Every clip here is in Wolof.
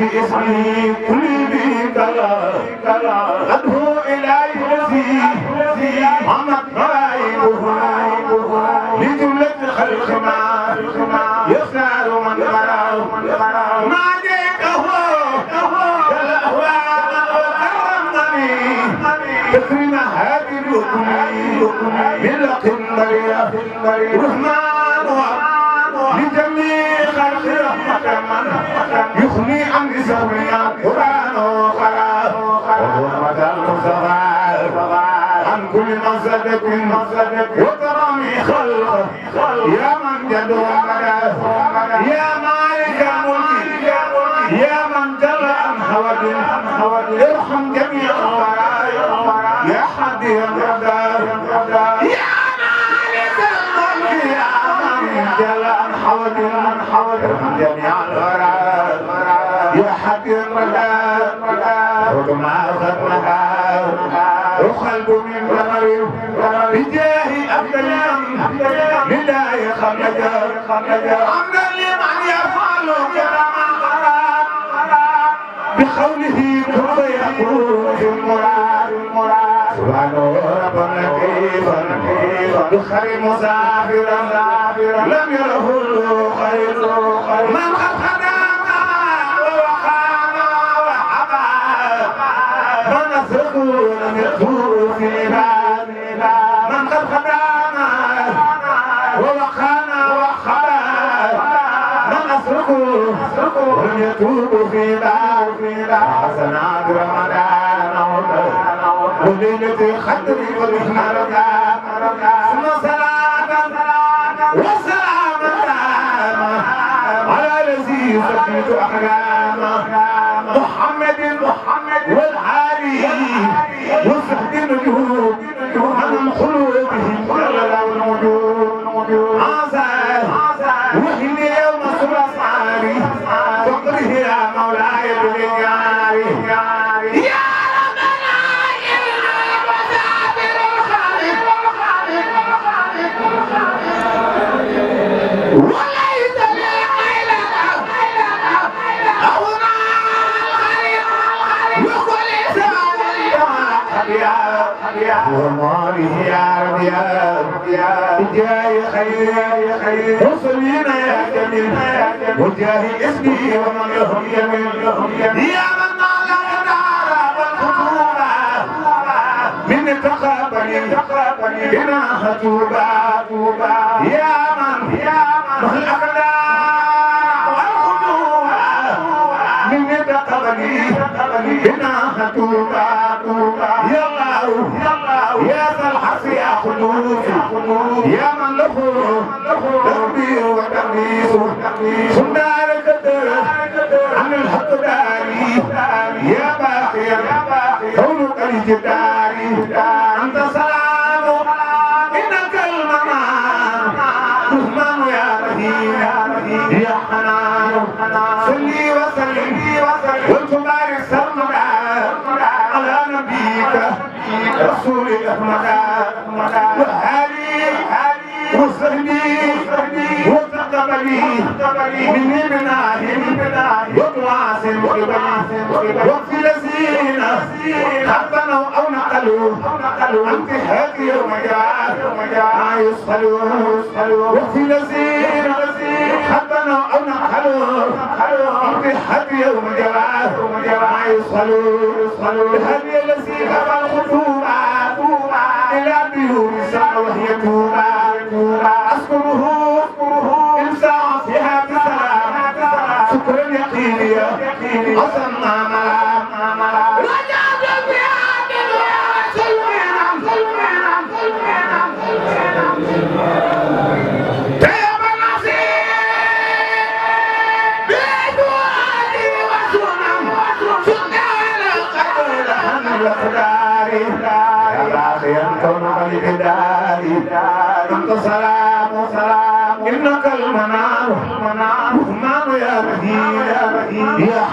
باسمه قلبي كلا كلا غده اليه الذي عمت غائبه لجملة الخلق ما يختار من غراه ما عليك هو كلا هو كرمني تكرم هذه الحكمي من لقمري رحمن لجميع يخلي عن زويا قرآن وخلاف وهو عن كل مزدك وترامي خلقه يا من جد يا من سبحانه ربنا كيفا كيفا يخرج مسافرا مسافرا لم يره خير خير من قد خدعنا ووقعنا وحبا فنسرق في بابنا من قد خدعنا سقوا ولم يتوبوا فيما حسن عبد رمضان وليلة خدر والمحرم ثم سلاما وسلاما على الذي سقيت أحلاما محمد محمد والعالي وسعد الجهود وجاه اسمي ومن لهم يمين لهم يمين يا من لا ينال والخطوبة من تقابني تقابني بنا خطوبة يا من يا من الأقدار والخطوبة من تقابني تقابني بنا خطوبة الأوتار يا باقي حلق الجدار أنت سلام إنك المنام تهمن يا رهين يا حنان صلي وسلم وتبارك سلمك على نبيك رسول أحمد وهالي وصحبي وتقبلي مني من وقواس وفي الذين خلقنوا أو نقلوا أنت هادي يوم ما يسألون وفي الذين خلقنوا أو نقلوا أنت هادي يوم ما يسألون هذه الذي كما الخطوبة إلى بيوم سعوه يتوبة أسكنه شكرا يقينيا حسن ما ملا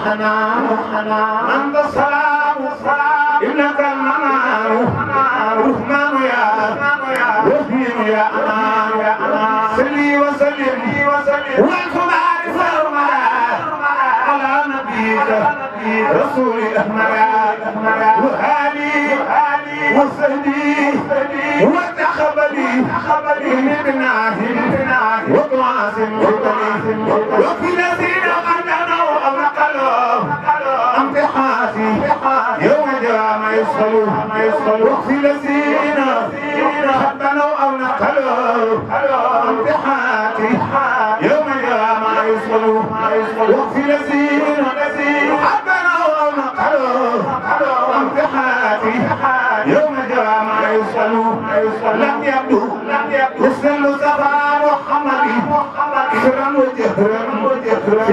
روحنا روحنا من السلام إنك المنار رحمن يا رحيم يا أمان يا أمان سلي وسلم وأنتم عارفون على نبيك رسول أحمد وآلي وسهدي وتخبلي من بناه وقاسم وفي نازل يسهلوا واكفي لزينا حتى لو أو نقلوا امتحاتي يوم القيامة يسهلوا واكفي لزينا حتى لو أو نقلوا امتحاتي يوم القيامة يسهلوا لم يبدو يسهل سبع محمد سرا وجهرا في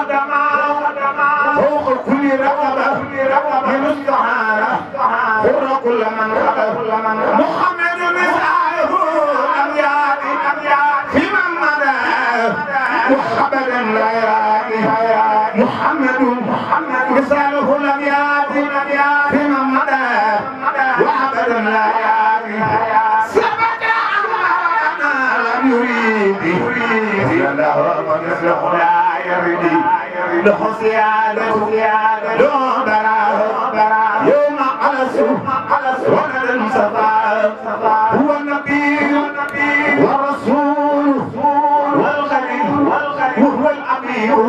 له لا يردي له سيادة له يوم على سوء ونرى المصطفى هو النبي والرسول والغني وهو الأمير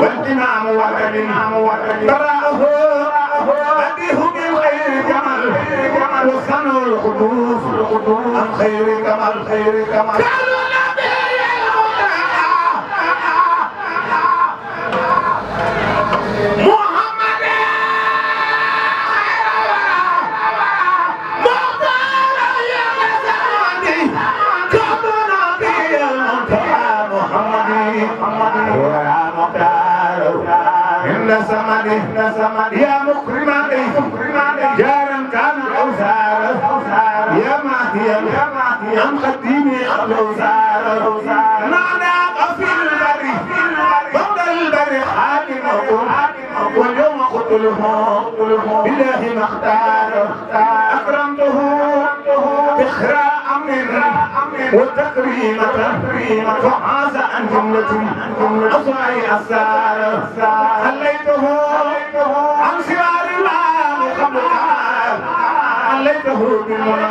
والإمام والإمام براءه أبيه بالخير جمل وصنع القدوس عن خير كما الخير كما عن خديمي قبل وزار نعنى البري بعد البري حاكمكم واليوم قتلهم بالله ما اختار اكرمته بخرى امر والتكريم فعاز عن جملة اصبعي اسار خليته عن شعار الله قبل خليته بالمنى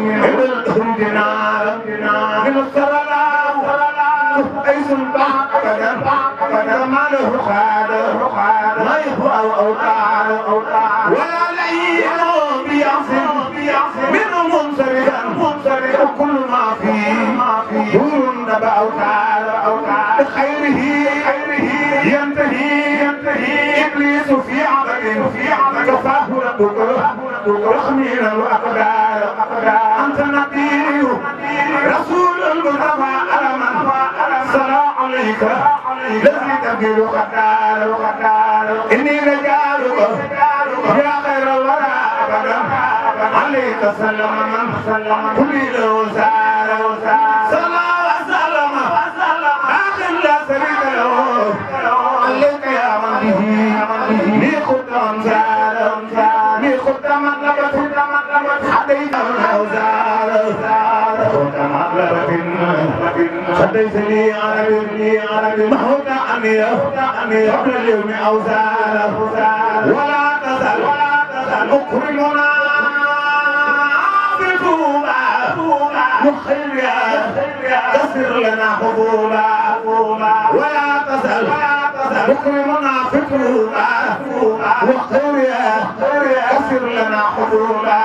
خرجنا من السرنا أي سلطان قدر قدر ما له خال ما يهوى أو أوتار ولا لئيم بيعصم منه منصرفا منصرفا وكل ما فيه دور نبع أوتار بخيره ينتهي ينتهي إبليس في عمل في عمل كفاه وتحمل الأقدار أنت نبي رسول المصطفى ألما صلى عليك الذي تبدل خدار إني رجالك يا خير الورى أبدا عليك سلم من سلم كل الوزار حدثني عن ابني عن ابي محوك ان يهوك ان يهوك اليوم اوزاره ولا تزال ولا تزال مكرمنا يا تسر لنا حبوبا ولا تزال ولا تزال مكرمنا فتوبا يا تسر لنا حبوبا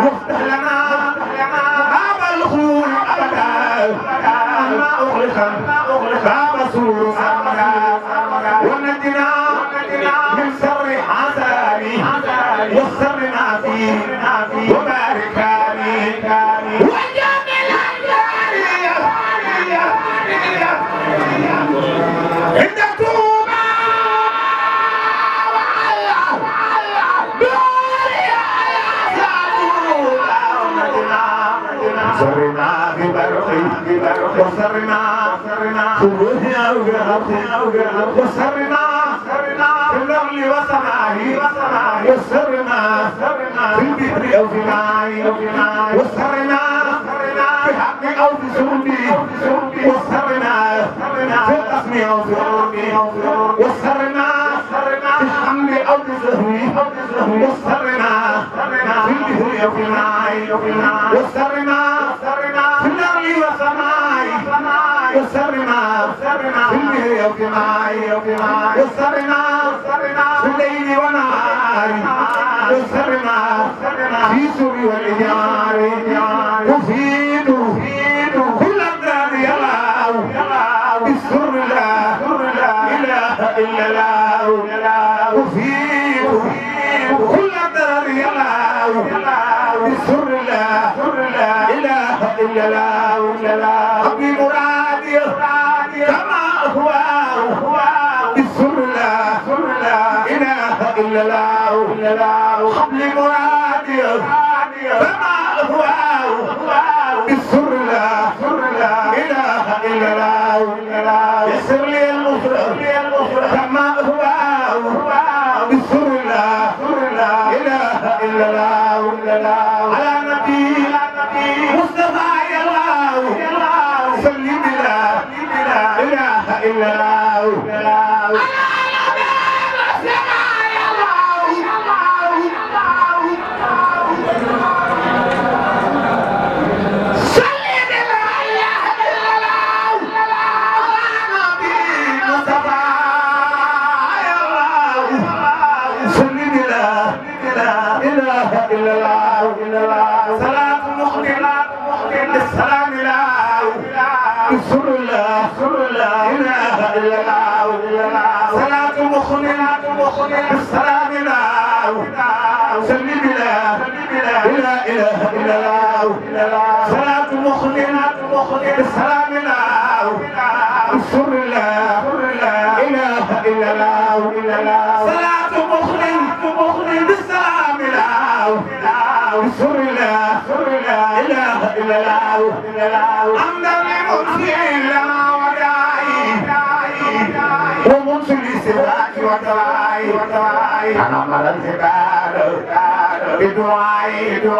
مفتح لنا أغلقا باب سوء يسرنا في النغل وسمائه يسرنا في البدر أو في العين يسرنا في حق أو في سودي يسرنا في القسم أو في عرضي يسرنا في الحمل أو في زهوي يسرنا في البدر أو في ماء يسرنا يسرنا في الليل وكما يسرنا في الليل ونهار يسرنا في سر والإجار يفيد كل الدار يلاه بالسر لا إله إلا لا يفيد كل الدار يلاه بالسر لا إله إلا لا حبيب إلا الله خبل منادي فما أهواه بالسر لا وخلق بالسلام الله سلم الله لا اله الا الله صلاه مخلق بالسلام الله السر الله لا اله الا الله صلاه مخلق بالسلام الله السر الله لا اله الا الله حمدا لمنزل الله وداعي ومنزل سواه أنا مر الجبال بدعائي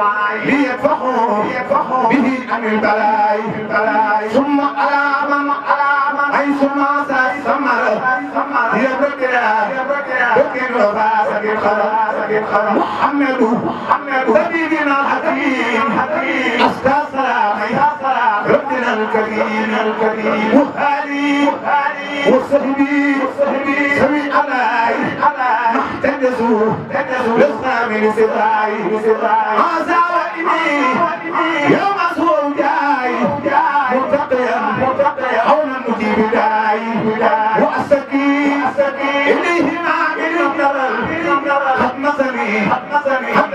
ليفقوا به عن البلاء ثم على من على ay suma say samar ya bakira bakira sakir khala sakir khala muhammadu سيدنا الحكيم حكيم استاذنا ربنا الكريم الكريم وهالي وصحبي وصحبي سمي علي علي محتجزوا لسنا من سراي هذا وإني يا مسؤول جاي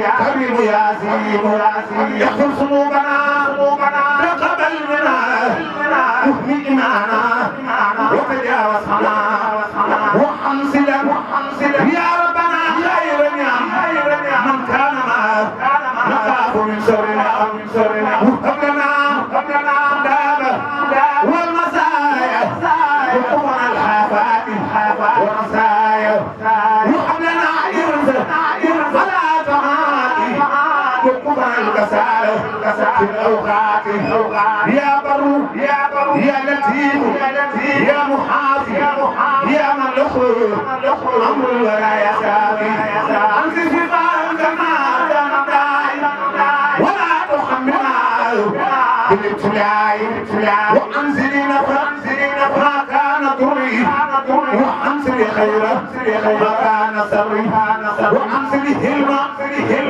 يا حبيب يا سيم يا سيم يغفر ذنوبنا ذنوبنا تقبل منا مهمنا وتجاوز عنا يا برو يا برو يا لطيف يا محافظ يا من له امر ولا يسافي انت سفاح كما ولا تحملنا بالابتلاء وانزل نفرك ما كان ضري يا خيرا ما كان سري وانزل يا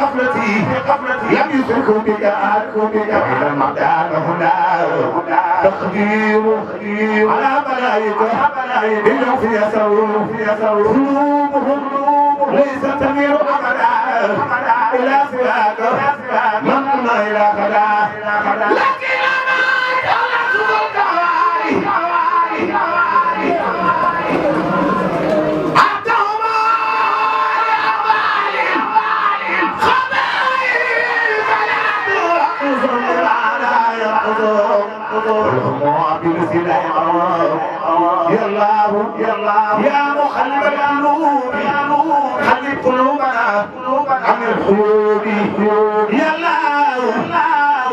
قبلتي لم يدركوا بدعاءكم بدعاء المدار هنا تقدير على ملائكة إنه في يسرون قلوبهم ليس تميل أبدا إلى سواك من لا إله إلا يا مخلب القلوب خلي قلوبنا عن الحروب يا الله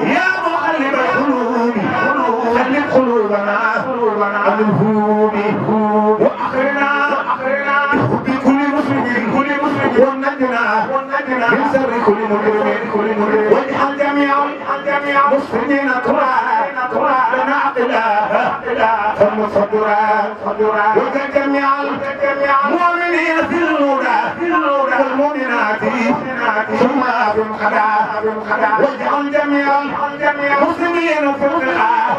يا مخلب القلوب خلي قلوبنا عن الحروب واخرنا بكل مسلم كل مسلم ونجنا من شر كل مجرم واجعل جميع جميع مسلمين ترى لنا عقلا فالمصدرات مؤمنين في الهدى والمؤمنات ثم في الخداع واجعل جميعا مسلمين في القاع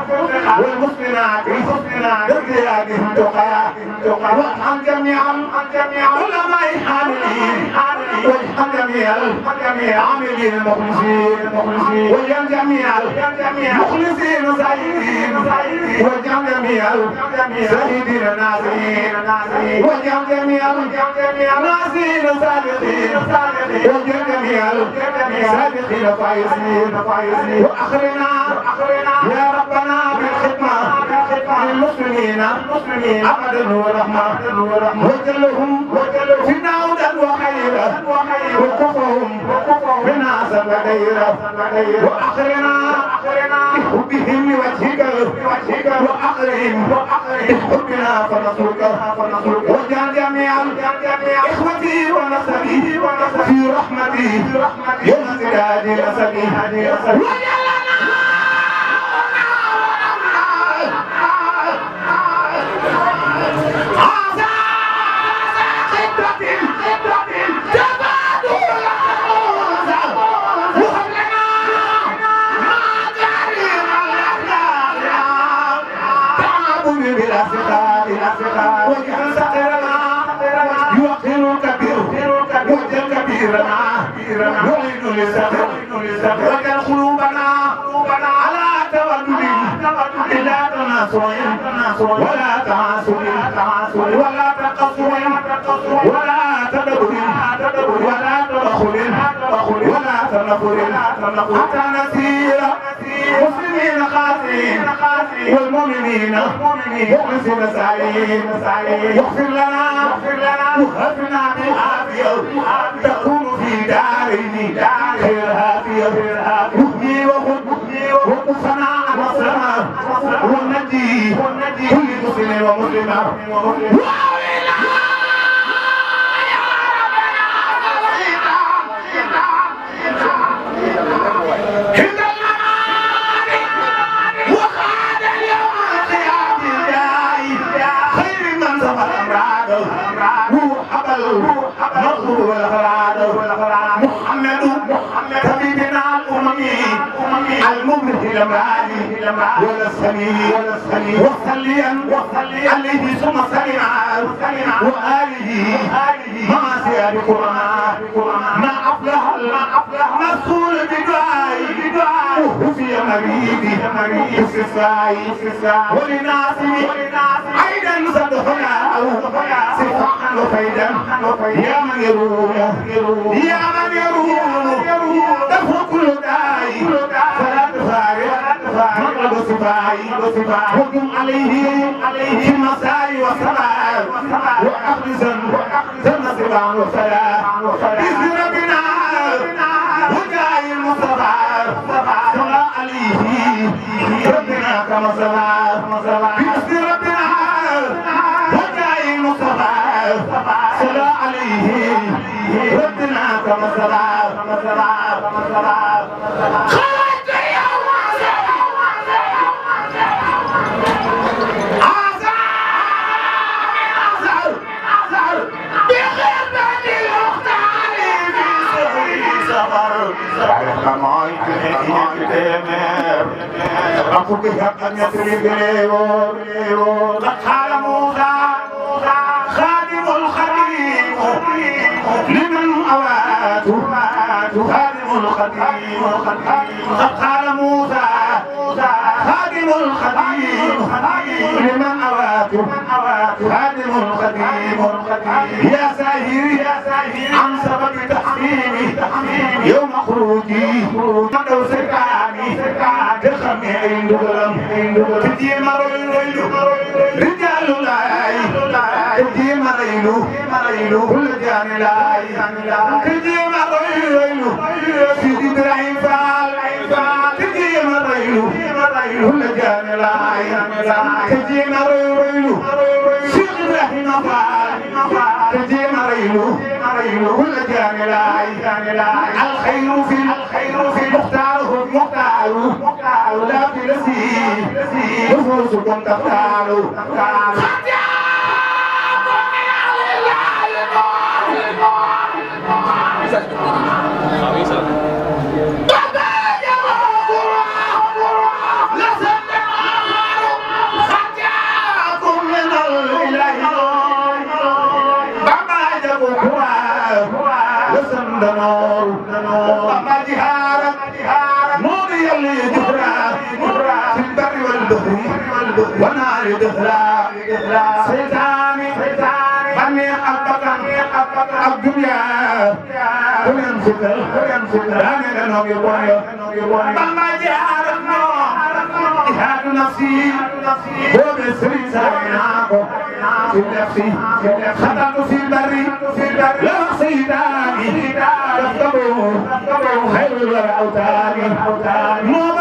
والمسلمات بريادهم تقى واجعل جميعا علماء حاملين واجعل جميع عاملين المخلصين واجعل جميع مخلصين زي جميع سيد الناصرين وجم جميع ناصرين صادقين وجم جميع صادقين فايزين واخرنا يا ربنا بالخدمه للمسلمين ابدا ورحمه وجلهم فينا هدى وخيرا وكفهم بنا سبديرا واخرنا بحب وجهك وعقلهم بحبنا فنصرك واجعل جميع اخوتي ونسبي في رحمتي يوم ازداد نسبي واجعل تعصوا ولا تعصوا ولا تقصوا ولا تدبروا ولا تبخلوا ولا تنفروا حتى نسير مسلمين خاسرين والمؤمنين مؤمنين سالين يغفر لنا يغفر لنا يغفر لنا بالعافيه تكون في دارين خيرها فيها مبني وخبني وخب صنع مصنع والنجي كل مسلم ومسلم Woo! محمد طبيبنا الأممي الممهل معالي ولا السليم ولا السليم وصليا وصليا عليه ثم سلم وآله مع سير قرآن ما أفلح ما أفلح مسؤول بدعائي بدعائي وفي مريضي مريض سساي ولناسي عيدا صدقنا سفاحا وفيدا يا من يروم يا من يروم كل داعي فلا تفارق مطلب صفاي وقم عليه في المساء والصلاة وأخذ ذنب ذنب صبا وصلاة بإذن ربنا وجاه المصطفى صلى عليه ربنا كما صلى بإذن ربنا وجاه المصطفى صلى عليه ربنا كما صلى Aku kehak hanya seribu ribu, ribu, tak kalah mudah. الخديم قد قال موسى خادم الخديم لمن أواكب خادم الخديم يا ساهر يا ساهر عن سبب تحميمي يوم خروجي مدو سكاني دخمي عين دغلم تجي مروي ويلو تجي مريلو كل جان لاي تجي مريلو سيدي ابراهيم فال تجي مريلو كل جان لاي تجي مريلو سيدي ابراهيم فال تجي مريلو كل جان لاي الخير في الخير في المختار waxtaanu waxtaanu daa fi la sii la sii ونار دخلا سيطان بنيخ البقر الدنيا كلهم سكر دامنا نوم يبوي بما جهارنا جهاد نفسي هو بسري سعيناكو في نفسي خطأت في بري لو سيداني تفتبو خير الورع أوتاني مو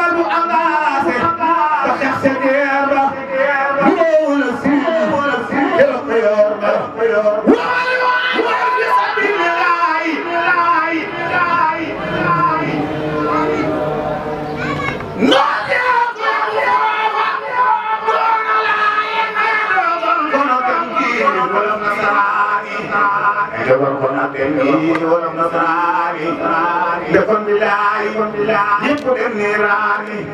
والأسرار دفن بلاي يبقى النيراني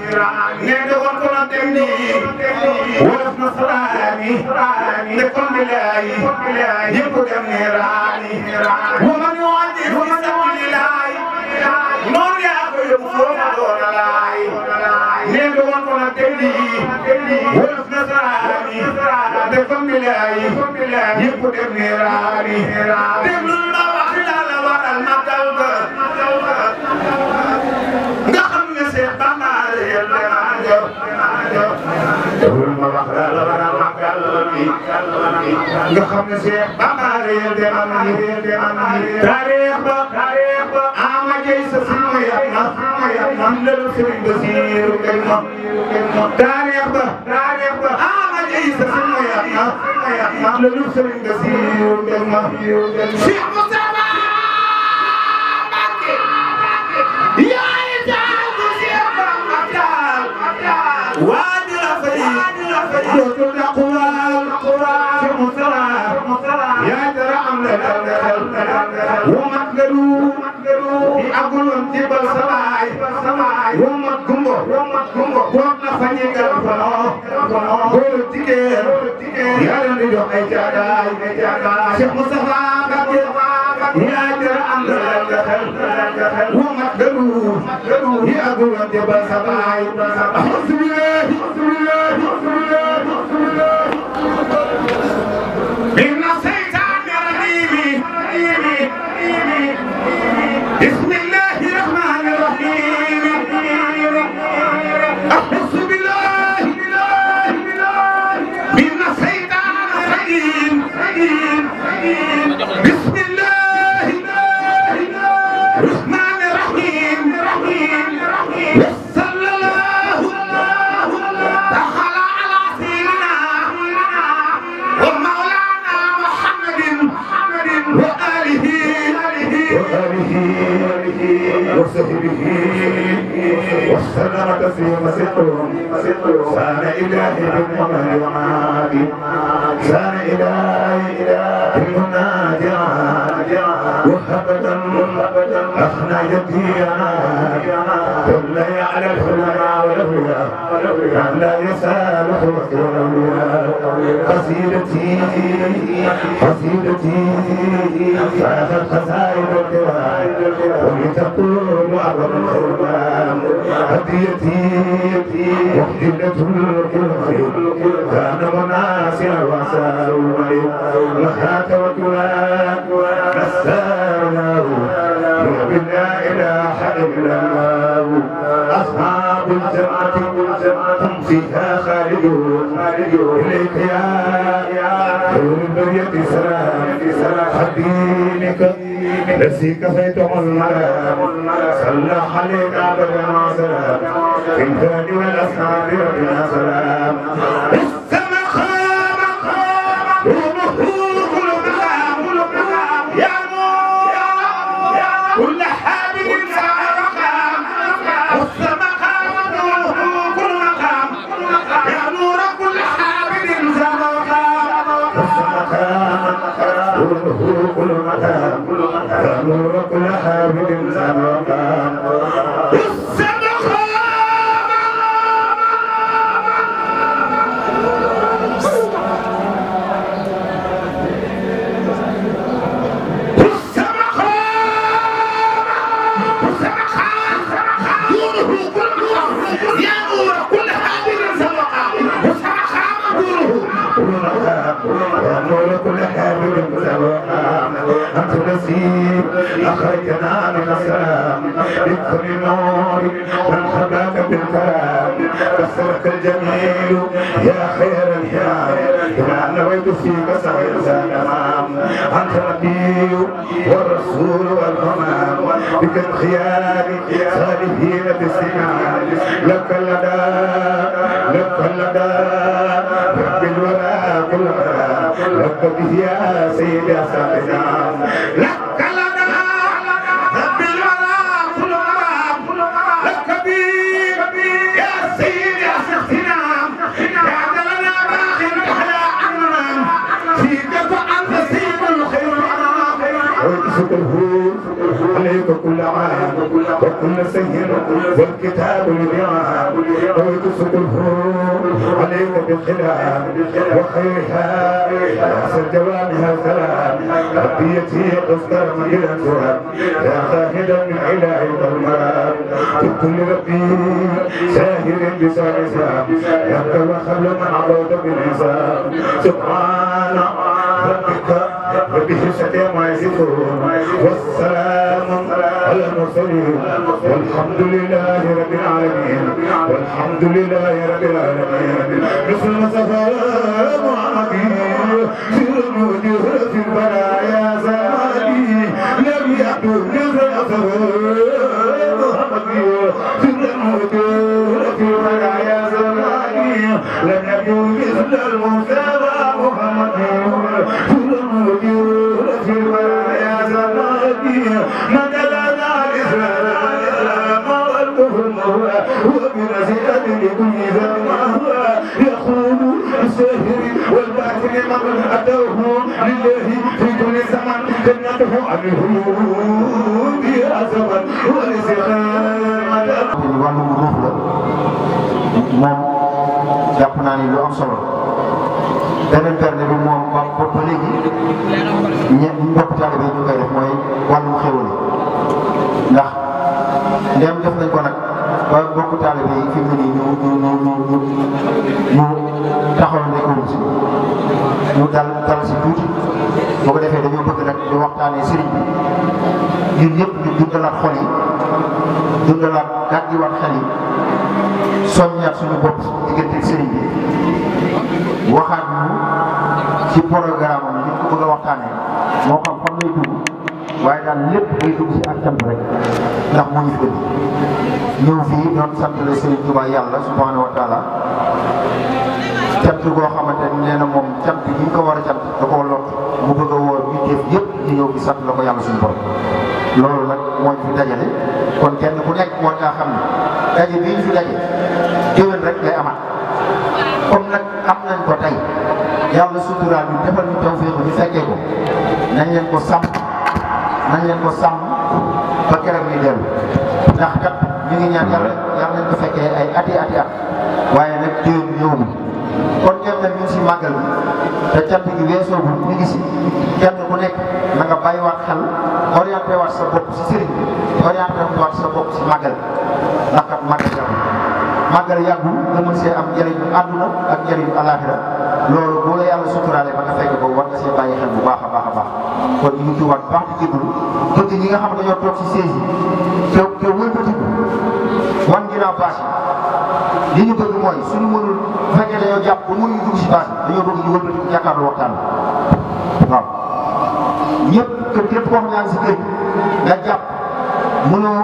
ندور كنا تمني ورف نصراني دفن بلاي يبقى النيراني ومن يعذب ومن يلاي نور يا أبو يوسف دور لاي ندور كنا تمني ورف نصراني دفن بلاي يبقى النيراني دفن ma wax la war a màggal bi nga xam ne Cheikh Bamba réel de am ni réel de am ni taarix ba taarix ba ama jëy sa fi mu yam na fi mu yam na ndel Serigne Bassirou kenn mo taarix ba taarix ba ama jëy sa fi mu yam na fi mu yam na ndel Serigne Bassirou kenn mo womat nga du di aguloon ci bal sabaay womat gumbo boot na fa ñeegal kono góoru tikeer yàlla di jox ay jaadaay Cheikh Moustapha Mbacké yaa jëra am na xel womat nga du di aguloon ci bal sabaay Obrigado. احنا يبكينا ثم يعرفنا ولولا لا يسامح ولولا قصيدتي قصيدتي فاتت قصائد القران ولتقول اعظم الخدام هديتي محجلة الكلام كان مناصر وساوي مخاك وكلام العلماء أصحاب الجمعة هم فيها خالدون إليك يا خير البرية سلام حبيبك الذي كفيته المنام صلى عليك أبدا سلام في الكون والأصحاب ربنا سلام أخرجنا من السلام من كل نور والخباب بالكلام بصرك الجميل يا خير الهلال إذا نويت فيك سعيد الأمام أنت النبي والرسول والهمام بك الخيار صالحين بالسنان لك اللدى لك اللدى رب الورى كل لك به يا سيدي يا سيدي لك فتلهون عليك كل عام وكل سيد والكتاب لبعام ويدسك الهون عليك بالخلاف وخيرها أحسن جوامها الكلام ربيتي قصدرت إلى التراب يا خاهدا من علاء الظلمات تبت لربي ساهر بسان سام يبقى وخل من عبود بالحساب سبحان الله ربك وبه ستيم يصفون والسلام على المرسلين والحمد لله رب العالمين والحمد لله رب العالمين مثل ما سفر معاكي في الوجوه في البرايا زماني لم يعدو نفر في الوجوه في البرايا زماني لم يكن مثل المسافر وزيرة لكل ذا مهوى يقول الساهر والباطل من أتوه لله في كل زمن جنته عنه بها زمن ورزقا wàllum ruux la moom jàpp naa ni lu am solo beneen perte bi moom ba ba léegi ñe mbokk taalibe bi ñu koy def mooy wàllum xéwal ndax ndéem def nañ ko nag. ba bokku taalibe yi fi mu ne ñu ñu ñu ñu ñu taxaw nekkoon si ñu dal dal si tuuti boo ko defee dañoo bëgg rek di waxtaanee sëriñ bi ñun ñëpp ñu dundalaat xol yi dundalaat gàddiwaat xel yi soññaat suñu bopp diggante sëriñ bi waxaat ñu ci programme am ñu ko bëgg a waxtaanee moo xam fan lay dugg waaye daal day dugg si ak cant rek ndax moo ñu fi indi ñëw fii doon sant la Serigne Touba yàlla subhanahu wa taala ni nee bi ñu ko war a cant da koo lot mu bëgg a woor bi def yëpp ñu ñëw di sant la ko yàlla suñu borom loolu nag moo ñu fi dajale kon kenn ku nekk nañ leen ko sàmm ba keroog ñuy dellu ndax kat ñu ngi ñaan yàlla yàlla nañ ko fekkee ay ati ati at waaye nag déwén ñëw na kon jot na ñu si màggal bi te cant gi weesoogul ñu ngi si kenn ku nekk na nga bàyyiwaat xel orienté waat sa bopp si sëriñ orienté waat sa bopp si màggal ndax kat màggal yàggul màggal yàggul nga am njëriñu àdduna ak njëriñu alaxira loolu boo la yàlla suturaale ba nga fekk ko war nga bàyyi xel bu baax a baax a baax kon ñu ngi tuubaat bu baax nga xam ne dañoo toog ci siège yi te te li ñu bëgg mooy suñu mënul bu fekkee dañoo jàpp ba mënuñu dugg si bâche bi dañoo bëgg ñu wëlbatiku jàkkaarloo waxtaan waaw ñëpp te képp koo xam ne yaa ngi nga jàpp mënoo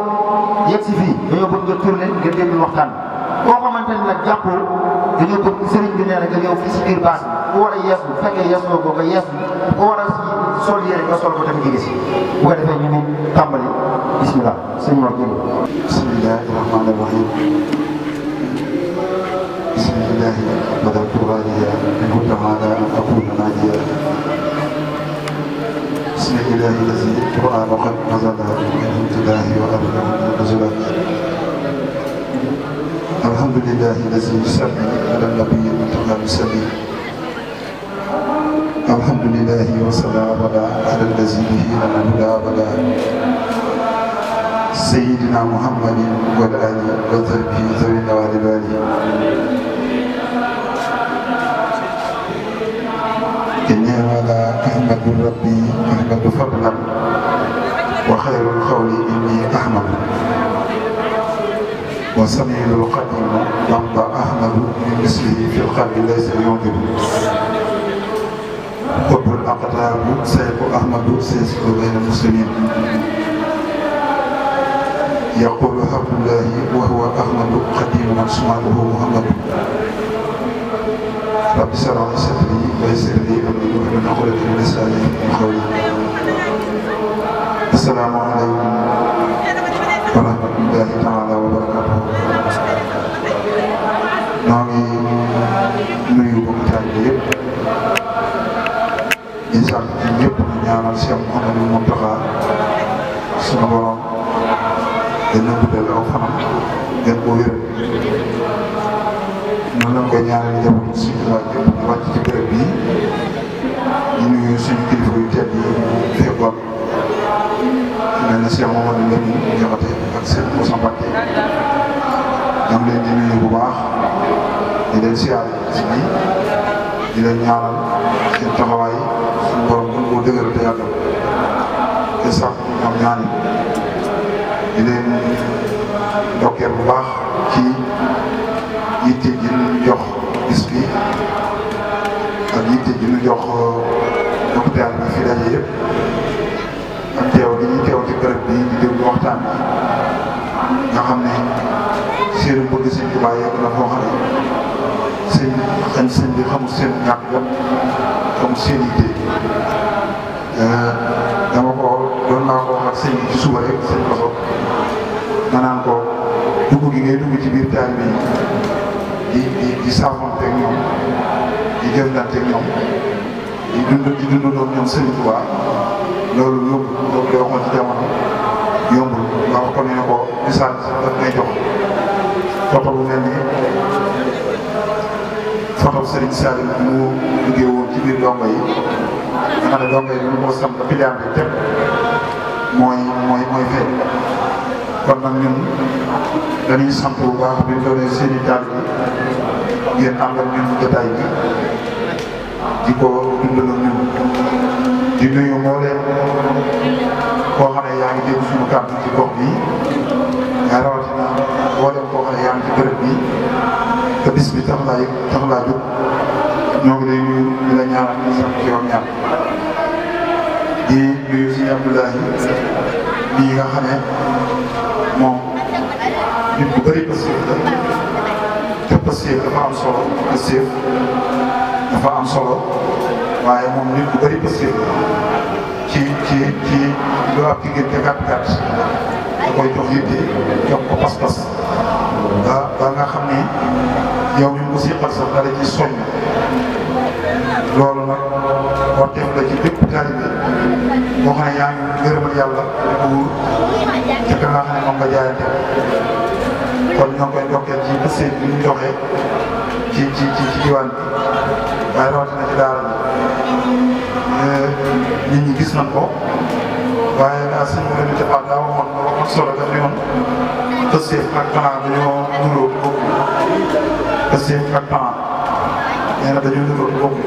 yegg si fii dañoo bëgg nga tourné nga déglu waxtaan koo xamante ni nag jàppoo dañoo bëgg sëriñ bi nee na nga ñëw fii si biir baax bi ku war a yees bu fekkee yees loo ko nga yees bi ku war a sol yére nga sol ko tamit nga gis bu ko defee ñu ngi tàmbali bisimilah sëñ Mor Diop. bisimilahi rahmaani rahim bisimilahi badaltu raadiya minhu tamaada an akuna naadiya bismillahi lazi qur'aan qad nazala min intidahi wa abdahu nuzula الحمد لله الذي يسلم على النبي المتقى المسلم الحمد لله وصلى ولا على الذي به لنا الهدى ولا سيدنا محمد والآل وصحبه ذوي النوال إني على أحمد ربي أحمد فضلا وخير القول إني أحمد وسمير القديم يمضى أحمد من مثله في القلب ليس يوجد قطب الاقدار سيف أحمد سيسكت بين المسلمين يقول عبد الله وهو أحمد قديم من سمعته محمد رب سرع سفري ويسر لي أمري واحلل عقدة من من قولي السلام عليكم yëpp di sàkk ci ñëpp di ñaanal Cheikh Mouhamadou Mountakha sunu borom dana guddal aw fanam gën ko wér noonu lañ koy njaboot si waa ñëpp ñu wàcc ci béréb bii ñu nuyu suñu kilifa yu yi ñu fekkoon mel na bu baax di leen siyaar si di leen ñaanal seen taxawaay suñu borom gën koo dëgëral te yàggal sax ñoom ñaani di leen ndokkeel bu baax ci yitte ji ñu jox bis bi ak yitte ji ñu jox euh, hôpital bi fi daje yëpp ak teew di teew ci bërëb bi di déglu waxtaan bi nga xam ne séeréer bu di seen yëpp la foo sëñ dañ sëñ bi xamul seen ñàkk yëpp seen idée euh, dama ko doon naa ko wax ak sëñ ci suba rek sëñ bi ko ma naan ko dugg gi ngay dugg ci biir taalibe yi di di di saafonteeg ñoom di jëflanteeg ñoom di dund di dundandoo ñoom sëñ Tuubaa loolu yóbbu loolu day waxoon ci jamono yombul ndax kon ne ko message daf may jox photo bu mel photo Serigne Saliou bi mu liggéey woon ci biir dongo yi nga xam ne dongo yi ko samp piliam bi képp mooy mooy mooy feeñ kon nag ñun dañuy sant bu baax bi doonee seen i taal bi ngeen ànd ak ñun ko dundal ak ñun di nuyu moo leen koo xam yaa ngi dégg suñu kàddu ci gox bi nga rawatina moo leen koo xam yaa ngi ci bërëb bi bis bi tax laa yëg tax laa jóg ñoo ngi lay nuyu di la ñaanal di sant yow ñaan di nuyu si Abdoulahi moom nit bu bëri pasif la te pasif dafa am solo pasif dafa am solo waaye moom nit bu bëri pasif la ci ci ci lu ab diggante gàtt gàtt da koy jox yitte jox ko pas ba ba nga xam ni yow mi mu siqal sax dara ci soññ loolu nag warteef la ci bépp taalibe boo xam ne yaa ngi ngërëmal yàlla bu te nga xam ne moom nga jaayante kon ñoo ngi koy dokkeel ci bëccëg bi ñu doxee ci ci ci ci bi waaye rawatina ci daara euh, nit ñi gis nañ ko waaye daa sëñ bi ren itam daa waxoon waxoon solo daf yoon Pastef ak PAN dañoo nuroo bokk Pastef ak PAN nee na dañoo nuroo bokk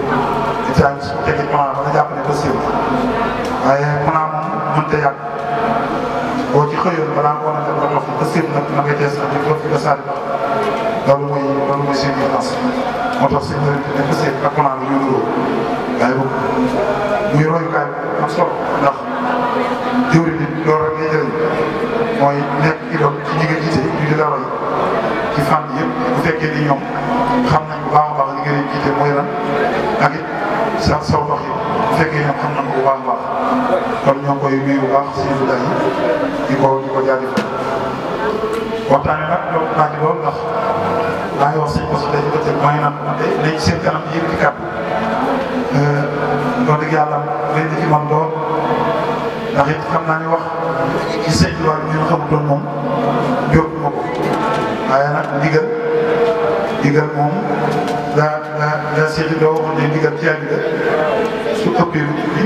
état bi su ko tegee PAN ba nga jàpp ne Pastef waaye PAN moom mënut a yàgg boo ci xëyoon balaa nga war a dem ba ndox Pastef nag na ngay des nag ñu fi ba saa loolu mooy loolu mooy seen urgence moo tax seen njëriñ ne Pastef ak PAN dañoo nuroo waaye boobu muy royukaay am solo ndax jiw bi loolu rek lay jëriñ mooy nekk. doon ci nga jiite ñu di la roy ci fànn yëpp bu fekkee ni ñoom xam nañ bu baax a baax li nga jiite mooy lan ak it sa saw dox yi bu fekkee ñoom xam nañ ko bu baax a baax kon ñoo koy nuyu bu baax si yu day di ko di ko jaajëfal waxtaan nag loolu naa ci loolu ndax daa ngi wax sëñ Basi tey jii maa ngi naan man de léegi seen kanam yëpp ci kàddu loolu euh, dëgg yàlla léegi ci man lool ndax xam naa ni wax. ci sëñ bi waaye ñun xamutoon moom jóg ko ko waaye nag ndigal ndigal moom daa daa daa seeti doo waxoon ne ndigal caabi la su ëppee lu ubbi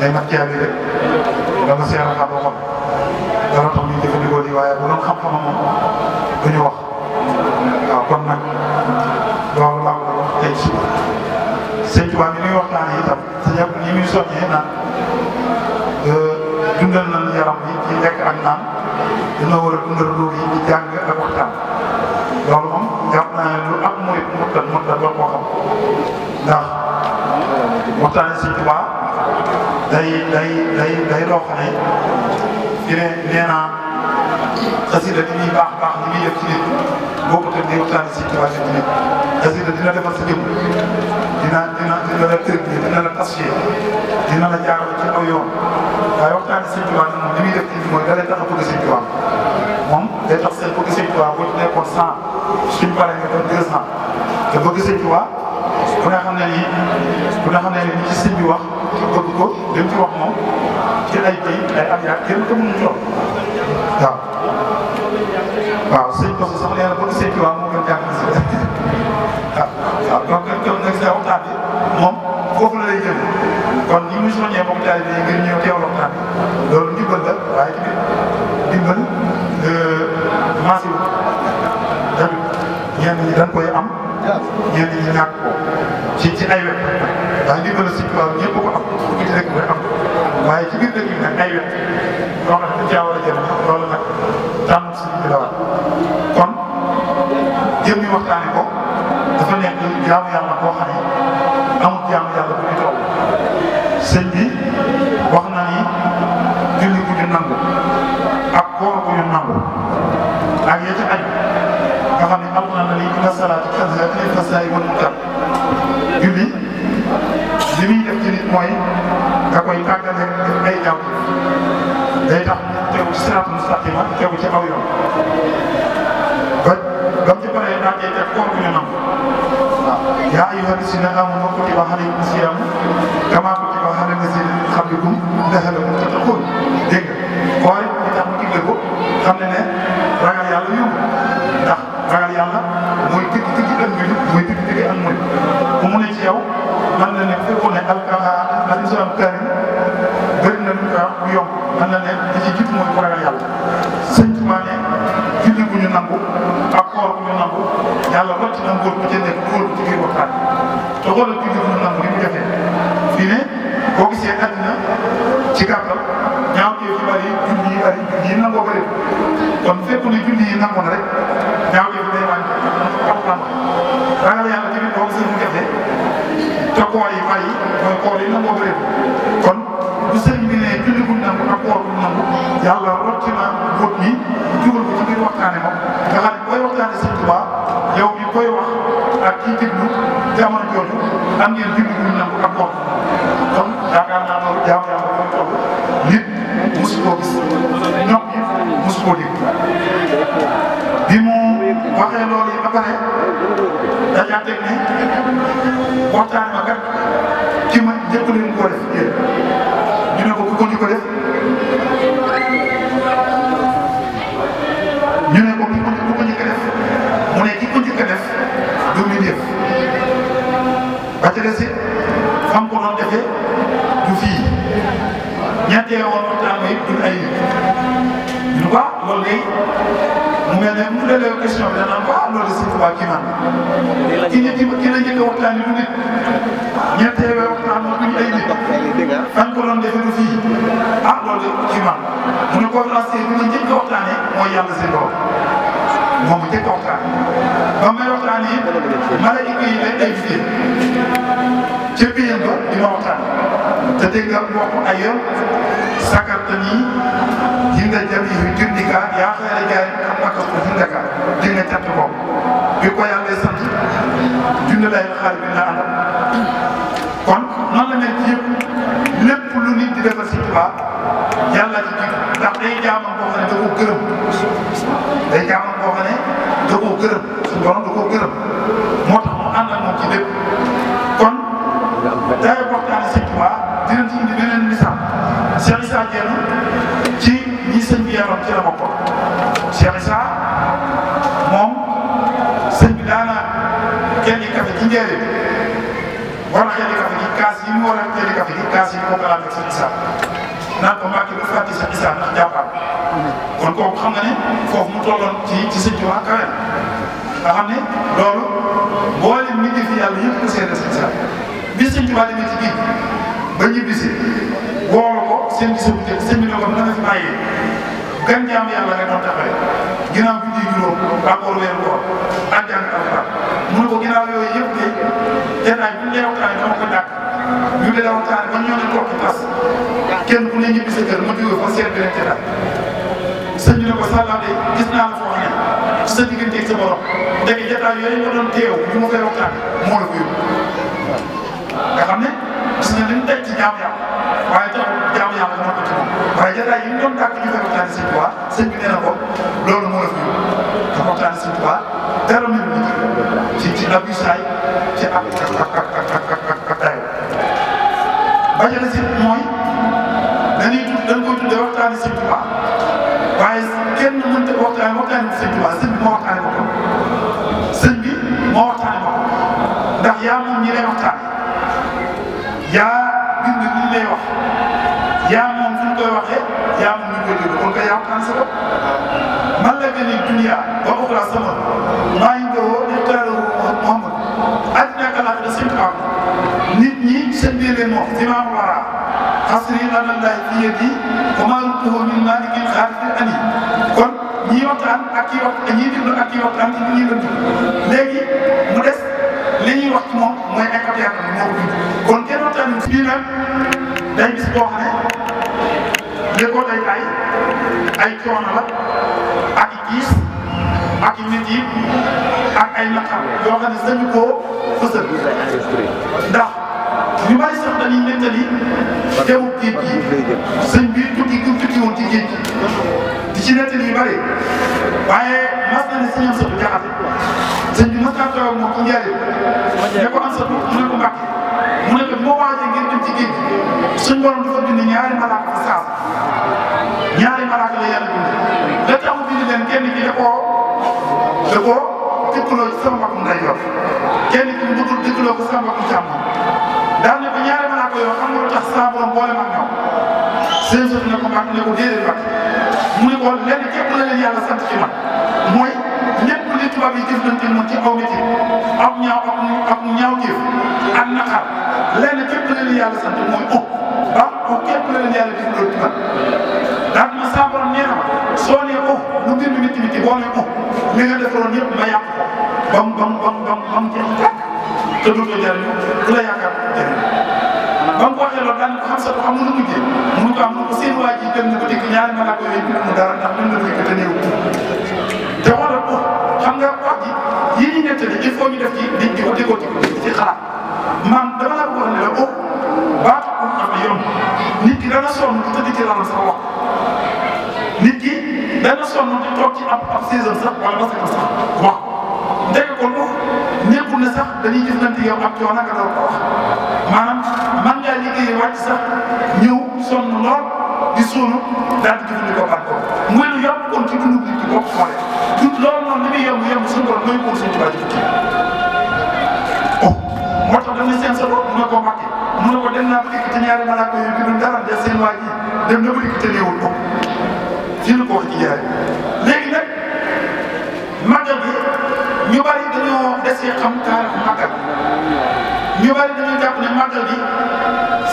day mat caabi rek dama seer a xam waxoon dara tax ñu xam-xamam ñu wax waaw kon nag loolu laa ko wax tey suba sëñ Tuubaa mi nuy waxtaanee itam sa jàpp ni muy soññee naan dundal nañu yaram bi ci lekk ak naan dañoo war a dundal ruux yi ci jàng ak waxtaan loolu lu am murit mottal mottal war koo xam ndax waxtaane Sëñ Tuubaa day day day day loo xam ne fi ne nee naa xasida li muy baax baax li muy yëg ci nit boo ko tëddee xasida dina defar sa jëm dina dina dina la tërbi dina la tasfiye dina la jaarale ci aw yoon waaye waxtaane Sëñ Tuubaa nag moom li muy def ci mooy da lay tax a bëgg Sëñ Tuubaa moom day tax seen bëgg Sëñ Tuubaa boo ci nekkoon cent suñ paree nga doon deux cent te bëgg Sëñ Tuubaa bu nga xam ne nii bu nga xam ne nii ci sëñ bi wax bëgg ko dem ci wax moom ci ay bay ay am yaat kenn ko mënuñu toog waaw waaw sëñ Bassa sax nee na bëgg Sëñ Tuubaa moo gën jàng si waaw waaw donc ñoom nag sa waxtaan bi moom foofu la lay jëlee kon ñi muy soññee moom daal di ngir ñëw teewlu waxtaan bi loolu ndimbal la waaye tamit ndimbal euh, massiw tamit ñenn ñi dañ koy am ñenn ñi ñàkk ko ci ci ay wet ndax ndimbal si waaw ñëpp ko am fu ñu rek koy am waaye ci biir dëkk bi nag ay wet yoo xam ne caa war a jëm loolu nag tàmm si bi la war kon jëm ñu waxtaanee ko jaamu yàlla boo xam ne amul jaamu yàlla bu ñu toll sëñ na ni ñu nangu ak koor bu ñu nangu ak ya ci aju nga xam ne am na la ni nasalaati kasaay wal munkar julli li def ci nit mooy nga koy tàggale ay jàmm day tax tegu ci siraat mustaqima tegu ci aw yoon ba ba mu ci paree daal day def ñu nangu يا أيها الذين آمنوا كتب عليكم الصيام كما كتب على الذين من قبلكم لعلكم تتقون dégg nga koor yi tax mu digle ko xam ne ragal yàlla yóbbu ndax ragal yàlla mooy tëgg tëgg ak mbir mooy tëgg tëgg ak mbir bu mu ne ci yow man la ne fekkoon ne alquraan al-islaam karim bëri na lu ko yomb man la ne li ci jiitu mooy ragal yàlla sëñ Tuubaa ne bu na ngóor bu ca nekk góor bu ci ci gàttal ñaaw kee kon fekk ne julli yi nangu na rek ñaaw kee fi day wàññi waxtaan ragal yàlla tamit boo gisee mu joxe te koor yi bari mooy yi nangoo bëri kon bu sëriñ bi ne julli bu nangu ak koor bu nangu yàlla rocc na góor ñi jubal ko ci ngir waxtaane moom nga xam ne booy waxtaane koy wax ak kii déglu jamono jooju am ngeen jublu bu ñu nangu ak kooku kon yaakaar naa loolu jaamu yàlla mooy toll nit mosu koo gis ñoom bi mu waxee loolu yi ba pare dajaa teg ne waxtaan ba kat ki ma njëkk leen koo teewoon waxtaan bi ñun ay ñu ne quoi loolu day mu mel ne mu delloo question bi danaan quoi ah, loolu de surtout waa kii man. ki ñu ci ki la njëkk a waxtaan yi du nit ñeent teewee waxtaan moom duñ ay nit fan ko doon defee du fii ah loolu de kii man mu ne conférence bi nga njëkk a waxtaanee mooy yàlla seen bopp moom mu njëkk a waxtaan ba may waxtaanee malaayika yi day invité ca biir ba di ma waxtaan. وتقدر نوح أيام سكرتني جند جميع جندك يا خير جاي أمك جندك جند تبقى بيقول يا الله سنت جند لا يخالف منا أنا kon nan la mel ci yëpp lépp lu nit di defal si tubaab yàlla ci jiitu ndax day jaamam boo xam ne da gërëm day jaamam boo xam gërëm suñu borom gërëm ci njëriñ war na jëndi kafe gi kaas yi mu war a jëndi kafe gi kaas yi mu ko laal ak sëñ Issa naan ko Mbàkke ba fàtte sëñ Issa ndax jàppal kon kooku xam nga ne foofu mu tolloon ci ci sëñ bi wax kawe nga xam ne loolu mboolem nit ñi fi yàlla yëpp ko seede sëñ Issa bi sëñ Tuubaa demee ci géej ba ñibbisi woo ko seen gisam sëñ bi ne ko na nga fi bàyyee gan jaam yàlla rek am taxawee ginnaaw bi ñuy juróom encore weeru koor ak jàng alxuraan mu ne ko ginnaaw yooyu yëpp de jataay bu ñu dee waxtaanee dama ko dàq ñu dee waxtaanee ba ñoo ne toog tas kenn ku ne ñibbi sa kër ma jógee fa seet beneen jataay sëñ bi ne ko sàllam de gis naa la foo xam ne sa digganteeg sa borom dégg jataay yooyu nga doon teew ñu ma koy waxtaanee moo la ko yóbbu nga xam ne gis nga li mu teg waaye jataay yi ñu doon tàkk ñu koy waxtaanee Sëñ Tuubaa sëñ bi nee na ko loolu moo la fi yóbbu dafa waxtaanee Sëñ Tuubaa dara ci ci la busaay ci ak ak ak ak ak ak dayoo. bañ a des it mooy dañuy dañ ko tuddee waxtaanee Sëñ Tuubaa waaye kenn mënut a waxtaanee waxtaanee Sëñ Tuubaa sëñ alquran sabab man la gën a dunya wa uxra sabab maa ngi ko woo iqtirahu Muhammad addina ak alaxira sëñ am nit ñi seen biir leen wax si maam wara xasri ala llahi fi yadi wa ma rubtuhu min malikin xaalisin ani kon ñi waxtaan ak ki wax ñi déglu ak ki waxtaan ci ñi lënd léegi mu des li ñuy wax ci moom mooy nekkat yàlla moo kon kenn waxtaan bi nag day gis boo xam ne léegoo day ay ay coono la ak i kiis ak i nit yi ak ay naqar yoo xam ne sañu koo fësal ndax ñu bari sax dañuy nettali teewu géej gi sëñ bi tukki gëm tukki woon ci géej gi di ci nettali yu bari waaye mas na ne sëñam sëtu jaxate sëñ bi mas naa toog moom ci njëriñ ne ko am sëtu mu ne ko mbàkk mu ne ko moo waajee ngeen dem ci géej gi suñ borom dafa bind ñaari malaaka ci saas ñaari malaaka la yàlla bind da tax bind leen kenn ki da koo da koo dëkkaloo ci sama mbokku nday yor kenn ki mu dëkkul dëkkaloo ko sama mbokku càmm daal ne ko ñaari malaaka yoo xam nga lu tax sama borom boole mag ñoom ne ko mag ne ko déedéet mag mu ne ko lenn képp la leen yàlla sant ci mag mooy ñëpp li tubaab yi jëflante mu ci aw métier ak ñaaw ak ñaaw ak naqar lenn képp la leen yàlla sant mooy ëpp. ba ko képp la leen yàlla dimbalul ma saa borom mu bind nit ñi boo nee ko li nga defaroon yëpp ma yàq ko bam bam bam bam bam jeex tàkk te duutoo jariñ ku la yaakaar mu ko waxee loolu daan ko xam sa ko xam mu mujjee mu ko am na ko seen waa ji dem ko dikk ñaari ma laa ko mu dara ndax mën te néew te xoolal ko xam nga wax ji yii ñu nettali il ñu def ci di di ko di ko ci xalaat dama laa bëgg wax ne la baatu ko dafa yërëm nit ki dana sonn di tëdd ci lal sax wax nit ki dana sonn di toog ci ab ab saison sax wala ba sax wax ndeke kon moom nekkul ne sax dañuy gis nañ ci yow ak coono nga dal ko wax maanaam man ngaa liggéey wàcc sax ñëw sonn lool di suunu daal di jëfandikoo baat ko muy lu yomb kon ci dundu nit ki boo ko xoolee dund loolu noonu li muy yomb yomb suñu borom mooy pour suñu tubaab di tukki oh moo tax dañuy seen sa bopp mën na koo màggee mu ne ko dem naa ba dikkati ñaari malaaka yi di duñ dara de seen waa ji dem na ba dikkati néewul ko fii la ko wax ci jaay léegi nag màggal bi ñu bari dañoo desee xam taarix màggal ñu bari dañoo jàpp ne màggal bi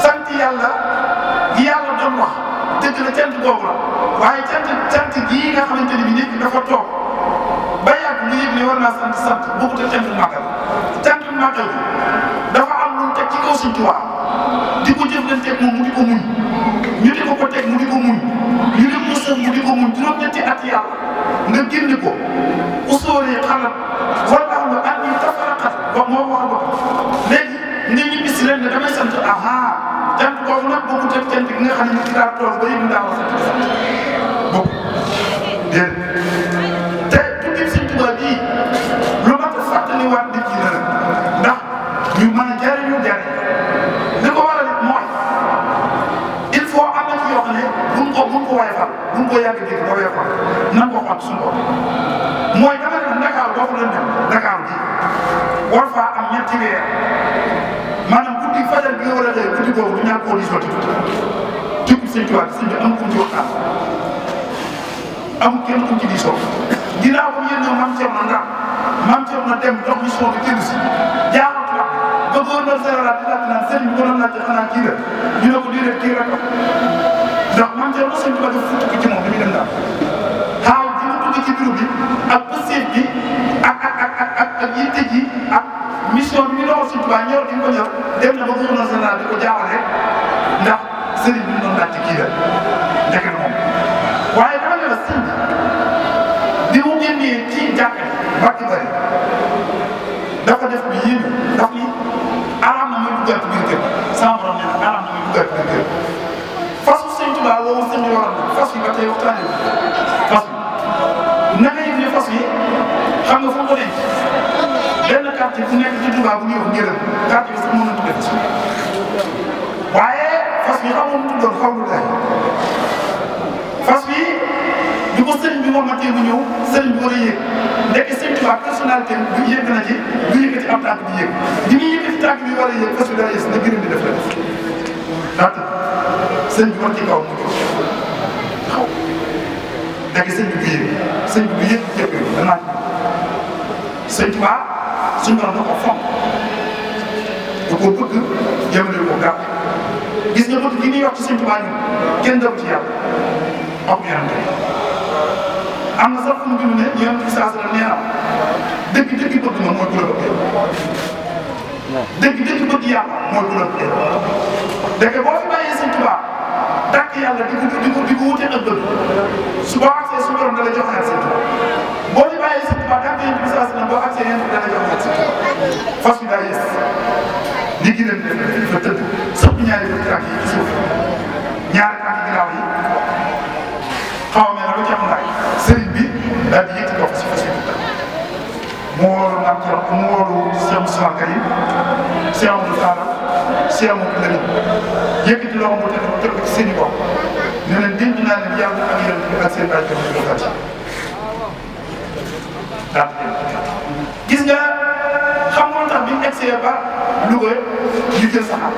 sant yàlla gi yàlla doon wax dëgg la cant boobu la waaye cant cant gii nga xamante ne bi nit ñi dafa toog ba yàgg ñu yëg ne war naa sant sant bokkut ak cant màggal cant màggal bi ci kaw Sëñ Tuubaa di ko jëflanteeg moom mu di ko muñ ñu di ko ko teg mu di ko muñ ñu di ko sëf mu di ko muñ juróom-ñetti at yàlla nga moo wax ba léegi nga ñibbi si leen ne damay sant aha jant boobu nag boo ko jot jant bi nga xam ne ci daal tool ba yëngu daal la sant sant boobu déedéet te tuddib Sëñ Tuubaa a ko woyofal bu ñu ko yàgg dégg nga woyofal nan ko xam suñu bopp mooy dama dem Dakar boo ko doon dem Dakar bi war faa am ñetti weer maanaam guddi fajar bi nga war a dee guddi boobu du ñaar condition te tukki sëñ Tuubaa sëñ bi am ku ci waxtaan am kenn ku ci diisoo ginnaaw bu yéen ñëw maam Thierno Ndam maam Thierno dem jox mission bi kenn si jaaxal ci wax ba gouverneur général di laaj naan sëñ bi ko doon laajte xanaa kii la ñu ne ko déedéet kii rek donc man de mos a ñu ko def fukki ci moom bi muy dem daal xaaw bi mu dugg ci bureau bi ak bëseet bi ak ak ak ak ak ak yitte ji ak mission bi ñu doon Sëñ Tuubaa ñor gi ñu ko dem na ba gouverneur général di ko jaawale ndax sëriñ bi ñu doon laaj ci kii la ndeke waaye dama ne la sëñ bi mu génnee ci jàkka bakki bari dafa def bi yéen daf biir kër sama borom nee na aram na muy duggaat tey waxtaanee ko fas bi na nga yëg ne fas bi xam nga foo ko denc benn quartier bu nekk ci Touba bu ñuy wax njëriñ quartier bi sax mën na tuddee waaye fas bi xamoon mu tuddoon xaw ma daal fas bi di ko sëriñ bi womatee bu ñëw sëriñ bi war a yëg ndekki sëriñ Touba personnalité bi yëg na ci du yëkkati am tànk bi yëg di muy yëkkati tànk bi war a yëg fas bi dara yës na gërëm di def la def daa tëdd sëriñ bi war ci kaw mu fekk sëñ bi yëpp sëñ bi yëpp yëpp damaa sëñ Tuubaa suñu borom da ko fonk da ko bëgg jëmale ko gàpp gis nga bëgg gi ñuy yokk ci sëñ Tuubaa ñun kenn dem ci yàlla ak yonent am na sax fu mu bind ne yonent bi saa nee na dëgg dëgg bëgg ma mooy ku la bëgg dëgg dëgg bëgg yàlla mooy ku la bëgg dëgg boo fi bàyyee sëñ Tuubaa dàq yàlla di ko di ko di ko wute ak bëgg su boo àgsee su borom dala joxaat seen tubaab boo ñu bàyyee seen tubaab dàq yéen bi saa si boo àgsee fas bi daa li gi leen tëdd sëpp ñaari bët tànk yi ci suuf ñaari tànk ginnaaw yi xaw ma ne la jox ndaay sëriñ si fas yi mu Cheikh Mouhamadou Lamine yëkkati loo xam ne dafa tënk ci seen i bopp ne leen denc naa leen yàlla ak yàlla bi ak seen rajo bi ñu ko gis nga xam nga tax bi ñu egsee ba Louga ñu jël saxaar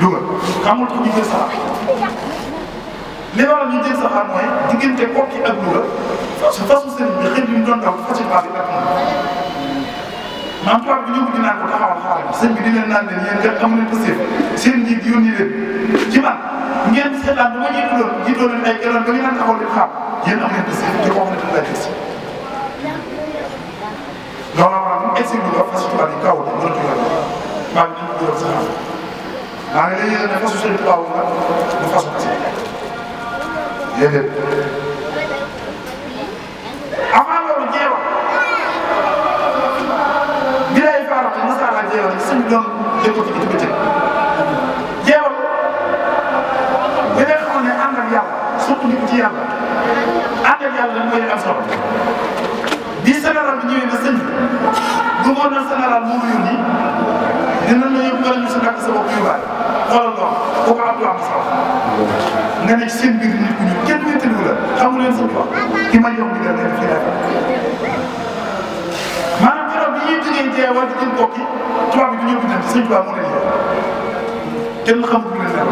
Louga xam nga tax ñu jël saxaar li waral ñu jël saxaar mooy diggante Kokki ak Louga su fasu sëriñ bi xëy na ñu doon daw facilement bi ak moom. maam toog bi ñëw di naan ko taxawal xaaral sëñ bi di leen naan leen yéen kat amu leen ko séef seen njiit yónni leen ci man ngeen seetaan dama jiitu doon jiitoo leen ay gëloon ba ñu naan taxawal di xaar yéen amu leen ko séef di ko wax ne dañ lay gis. looloo waral mu egsi lu ko fas tubaab yi kaw di mën a tural maa ngi dugg dëgg sa xaar maa ngi lay yéen a fasu sëñ tubaab bu fasu kasi déedéet jël ko ci guddi bëccëg jeewal nga leen xamal ne ànd ak yàlla surtout li ko ci yàlla ànd ak yàlla dañ koy am solo bi général bi ñëwee na sëñ bi gouverneur général moo ñu yónni dinañ la yóbbu nga ñu si nàkk sa bopp yu bari xoolal nga ko ko am lu am solo nga ne ci seen biir nit ku ñu kenn wéttaliwu la xamu leen sa bopp ki ma yomb di leen def ci jeewal di jël mbokk yi tubaab bi dañoo bindal sëñ Ba moo leen yee kenn xamul lu leen dara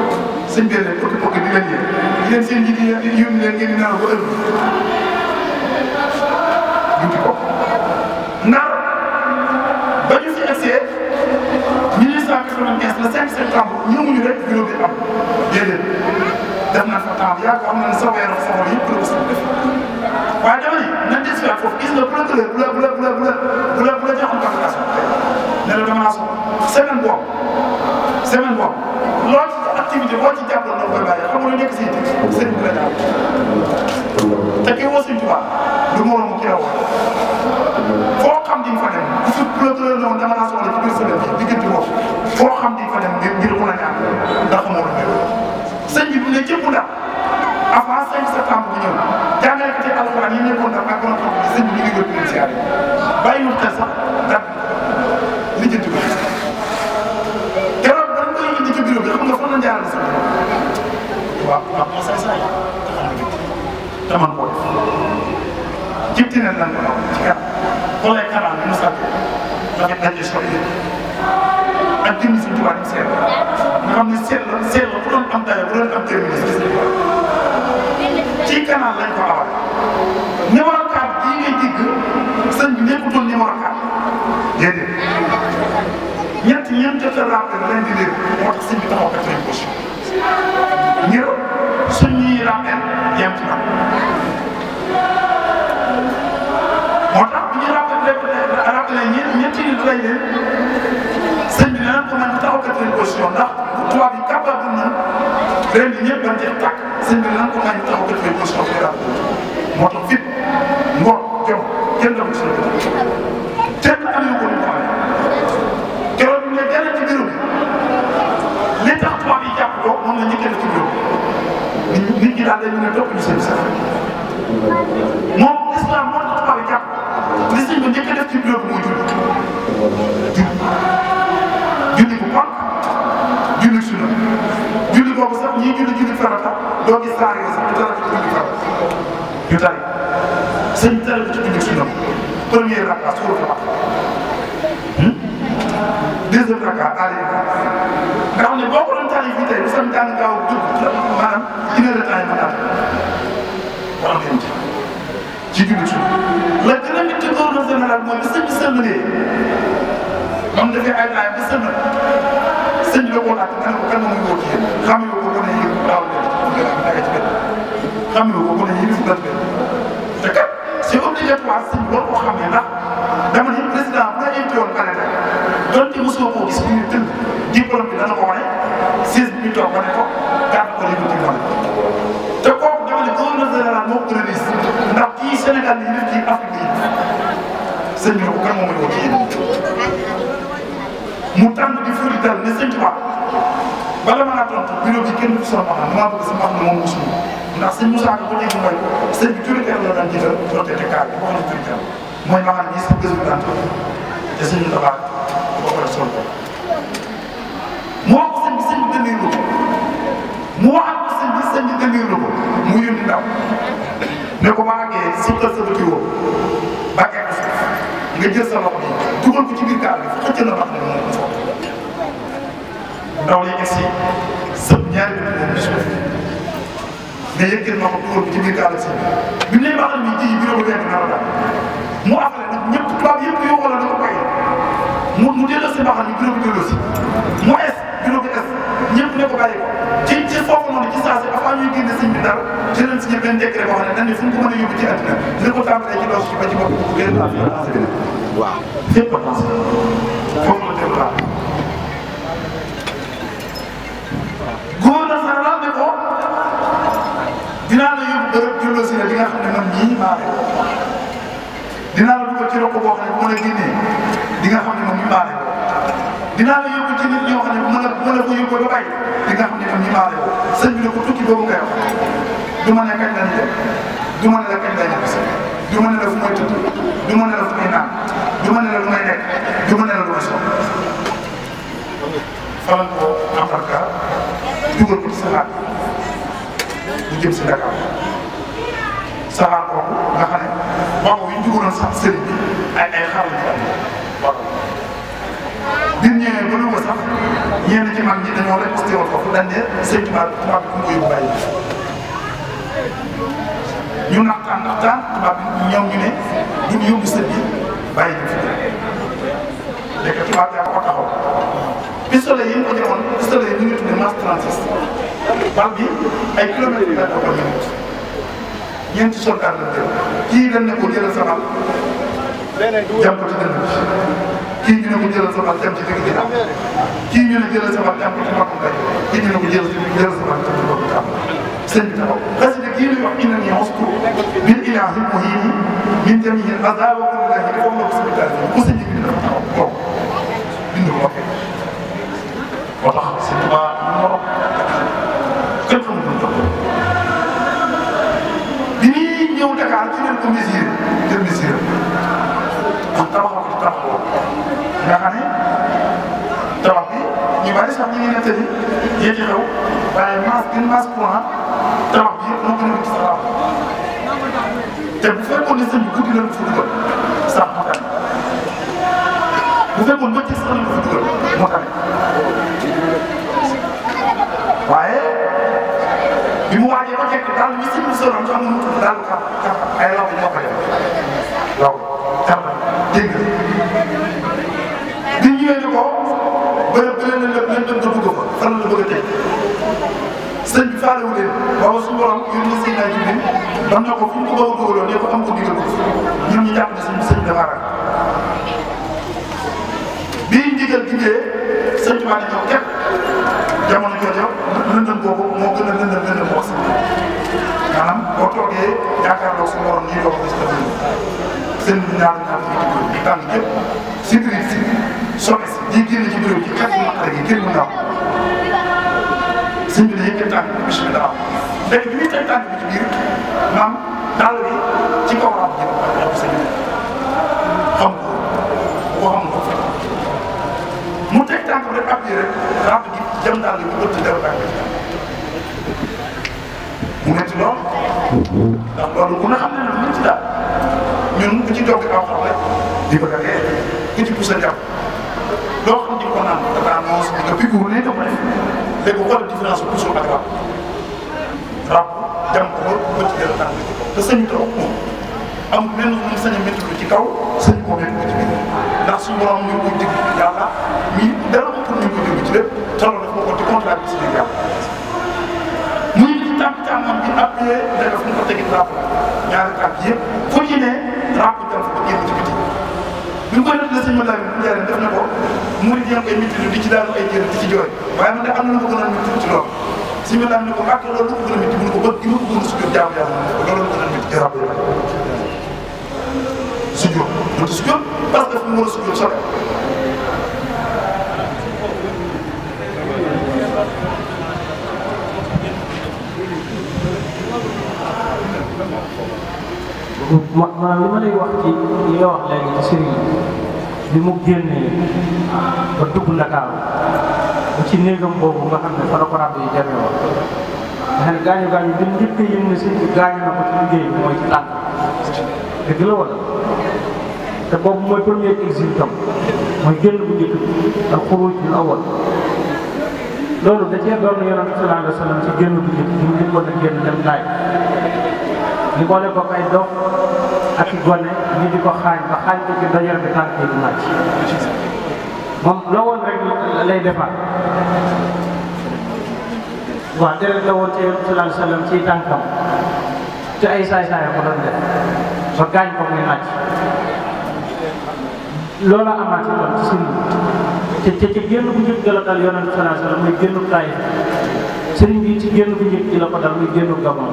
sëñ bee leen bokk bokk di leen yee di leen seen njiit yi yónni leen ngeen di naan ba ëllëg juuti ko ndax ba ñu fi essayé 1895 le 5 septembre ñëwuñu rek bureau bi am déedéet def na fa temps yàgg am na sa weeram soxla yëpp la ko def waaye gis nga bu la tëlee bu la bu la bu la bu la bu la bu la joxoon convocation ne la damaa soxla semaine boobu semaine boobu lool ci activité boo ci jàppoon noonu koy bàyyi xam nga lu nekk si sëñ bi la jàpp te kii woo Sëñ Tuubaa du moroom mu kii foo xam di nga fa dem bu su bu la tëlee noonu dama laa soxla ci biir semaine bi diggante boobu foo xam di nga fa dem ngir ngir mën a ñaan ndax moo la mel sëñ bi bu ne cëpp ndax avant 5 septembre bi ñëw jàngale alxuraan yi nekkoon ak borom xam ci sëñ bi ñu ngi wër di siyaare bàyyi wut sax dab lijjanti ko keroog dañ koy indi ci bureau bi xam nga fan la jaarale sax waaw waaw moo saay saay te man koo def jëpti na lan ko ci kat xoolee kanam bi mu sàkku dafa daje sori ak jëmmi si tubaab yi seet nga xam ne seet la seet la bu doon am dayo bu doon am terminé ci kanam lañ ko awal numéro 4 bii ngay dégg sëñ bi nekkutoon numéro 4 déedéet ñett ñeent jot a ràpp da leen di dégg moo tax sëñ bi taxaw quatrième position ngir suñ ñuy ràppeel yem ci moo tax bu ñuy ràppeel rek ràppeel ñeent ñetti nit lay leen sëñ bi dinañ ko mën taxaw quatrième position ndax tubaab yi capable na leen di ñëpp dañ cee tàkk sëñ bi dinañ ko mën taxaw quatrième position moo tax fit ngor jom kenn la ko si kenn am na ko lu mu amee keroog ñu ne jëlee ci bureau bi li tax tubaab yi jàpp ko moom la njëkkee ci bureau bi nit ñi daal dañu ne topp ñu seen sax moom islam moo tax tubaab yi jàpp li si ñu njëkk def ci bureau bi muy julli julli bu mag julli sunna julli boobu sax ñii julli julli farata doo gis saa yoo sax dara ci julli farata ñu tari sëñ bi tari ci biir sunna premier rakka suuratul Baqara hmm? deuxième rakka Ali Imran nga xam ne boo ko doon tari fii tey bu sami daan gaaw dugg maanaam une heure de temps yi ma tànn mu am yéen ci biir sunna la gën a métti ordre général mooy bi sëñ bi sëlmalee ba mu defee ay taay bi sëlmal sëñ bi da koo laaj dana ko kan la muy wóor ci yéen xam nga ko gën a yëngu daaw la ci gën a am ci benn xam nga ko mu ne yëngu bët te kat c'est obligatoire si war koo xam ne ndax dama ne président bu la invité woon pare rek donte mosoo koo gis bu ñu tënk diplôme bi dana ko wane siis bi ñu toog wane ko gàtt ko yëngu diplôme te kooku dama ne gouverneur général moo ko remise ndax kii Sénégal yi def ci Afrique yi sëñ bi ko kan moo mën ko kii mu tànn di furi dal ne sëñ Tuubaa bala maa tontu bureau bi kenn du sama ma xam maa bëgg sama xam ne moom mosul ndax sëñ Moussa ko léegi mooy sëñ bi turiteer la daan jiital doonte te sa gëstu daan te sëñ Moussa Ba ko moo ko sëñ moo am ko sëñ bi lu mu yónni ndaw ne ko maa ngi suutal sa bëti woo bàkkee ko suuf nga jël sa loxo bi dugal ko ci biir kaar bi xëcc na bax ne moom mu foofu ndaw li egsi sëb ñaari bëti boobu suuf nga yëkkati ma ko dugal ko ci biir si bi mu ne ma xam ne ji bi ko yegg nar a mu affaire yëpp yoo xoolal na ko koy mu mu si ma xam ne bureau bi delloo si mu es bureau bi es ñëpp ne ko bàyyi ko ci ci foofu noonu ci saa si avant ñuy génne sëñ bi dara ci leen si ñëpp benn décret boo xam ne dañ ne fu mu ko mën a yóbbu ci àddina dina ko tàmbalee ci doosu ba ci bopp bu gën a waaw c'est important dinaa la dugal ci rokko boo bu ma la génnee di xam ne moom ñu baale ko dinaa la yóbbu ci nit ñoo xam ne bu ma la bu ma la di nga xam ne moom ñu baale ko sëñ bi ne ko tukki boobu ngay wax du ma ne kañ lañ dem du ma ne la kañ lañ bis du ma ne la fu may tëdd du ma ne la fu may naan du ma ne la lu may nekk du ma ne la lu may soxla faral ko embarka dugal ko ci sa laaj bu jëm si Dakar saxaar boobu nga xam ne wago yi ñu jugoon sax bi ay ay xar lañ am bi ñu ñëwee ba Louga sax bi tubaab naxtaan naxtaan tubaab bi ñëw ñu ne duñ yóbbu sëñ bi bàyyi ñu tubaab yaa ko taxaw pistolet yi ñu ko joxoon pistolet yi ñu ngi tuddee mas bal bi ay kilomètres yu bëri ko ñeenti soldat la kii dañ ne ko jëlal sa bal jàpp ci dënn bi kii ñu ne ko jëlal sa bal jàpp ci digg ginnaaw kii ñu ne jëlal sa bal jàpp ci mbokku mbay kii ñu ne ko jëlal jëlal sa bal jàpp ci mbokku jàpp sëñ bi taxaw parce que kii ñuy wax inna ni ustu bil ilahi muhini min jamihi al adaa wa kullahi ko mo ko sëñ bi ko sëñ bi dafa taxaw ko bind ko waxee moo tax sëñ Tuubaa indisir indisir pour tabaxal ko tabax boobu nga xam ne tabax bi ñu bari sax ñu ngi leen tëddi yéen ci xew waaye masse une masse courant ah, tabax bi yëpp moo gën a gis tabax te bu fekkoon ne sëñ bi guddi na lu fi dugal sax mu bu fekkoon ba ci sëñ fan la bëgg a teg sëñ bi faale wu leen waaw suñu borom yónni na sëñ naa Jibril ban na ko fu ñu ko bëgg a dugaloon ne ko am ko digal ko ñun ñu jàpp ne sëñ bi sëñ dafa araam bii ndigal diggee sëñ Tuubaa ne ñoo képp jamono jooju lëndëm boobu moo gën a lëndëm lëndëm wax si maanaam boo toogee yaakaarloo suñu borom ñuy doog gis dëgg seen ñaar ñaar ñuy digal ñu tànn képp si biir si soppe si ñi génn ci bureau ci xeetu naqare gi kenn mu ndaw na yëkkati tànk bi bisimilah léegi bi muy teg tànk bi ci biir bi ci kaw raam jëm yàlla sa biir xam nga ko xam nga mu teg tànk bi rek appui rek raam gi mu métti lool ndax loolu ku ne xam ne nag ci daal ñun ku ci jog aw xam rek di ko defee ku ci pousse a jàpp loo xam ne ko naan dafa annonce bi nga pigour ne ko def léegi bu xoolee différence bi pousson ak rab rab ko ba ci gën a tàng te sañu trop am benn bu sañ a métti ci kaw sañ ko métti ko ci biir ndax suñu borom ñu ngi koy déglu yàlla te loolu si biir yàlla. muy tànk tàngam bi appuyé dafa fu mu ko ñaari tànk yëpp fu ne rab dem fa bi ñu koy def la sëñ ma laaj bi def na ko murid yi am ay métti di ci daanu ay jër di ci jooy waaye man de am na ko gën a métti ci loolu sëñ ma laaj ne ko ak loolu ko gën ko ma ko gën a sujjóot jaamu yàlla ko loolu lu ko gën a métti ci rab yi sujjóot parce que fu mu war a li ma lay wax ci li nga wax léegi ci sëriñ bi mu génnee ba dugg Ndakaaru ba ci néegam boobu nga xam ne fa yi jamee woon nga xam ne gaañu gaañu bi njëkk yëm ne sëriñ gaañu na ko ci liggéey bi mooy ci tànk dëgg la wala te boobu mooy premier exil tam mooy génn bu njëkk bi ak xuruj bi awal loolu da cee doon yonent sallallahu alayhi wa sallam ci génn bu njëkk bi mu njëkkoon a génn dem daay ñu boole ko ay dox ak i gone ñu di ko xaañ ba xaañ ko ci dajal bi tànk yi du naaj moom loo woon rek lay defar waaw deret la woon ci yonent sallallahu alayhi te ay saay-saay ko doon def ba gaañ ko muy naaj loola amaat ci doon ci génn bu njëkk la dal yonent sallallahu alayhi muy génn bu njëkk la ko dal muy génnu gabon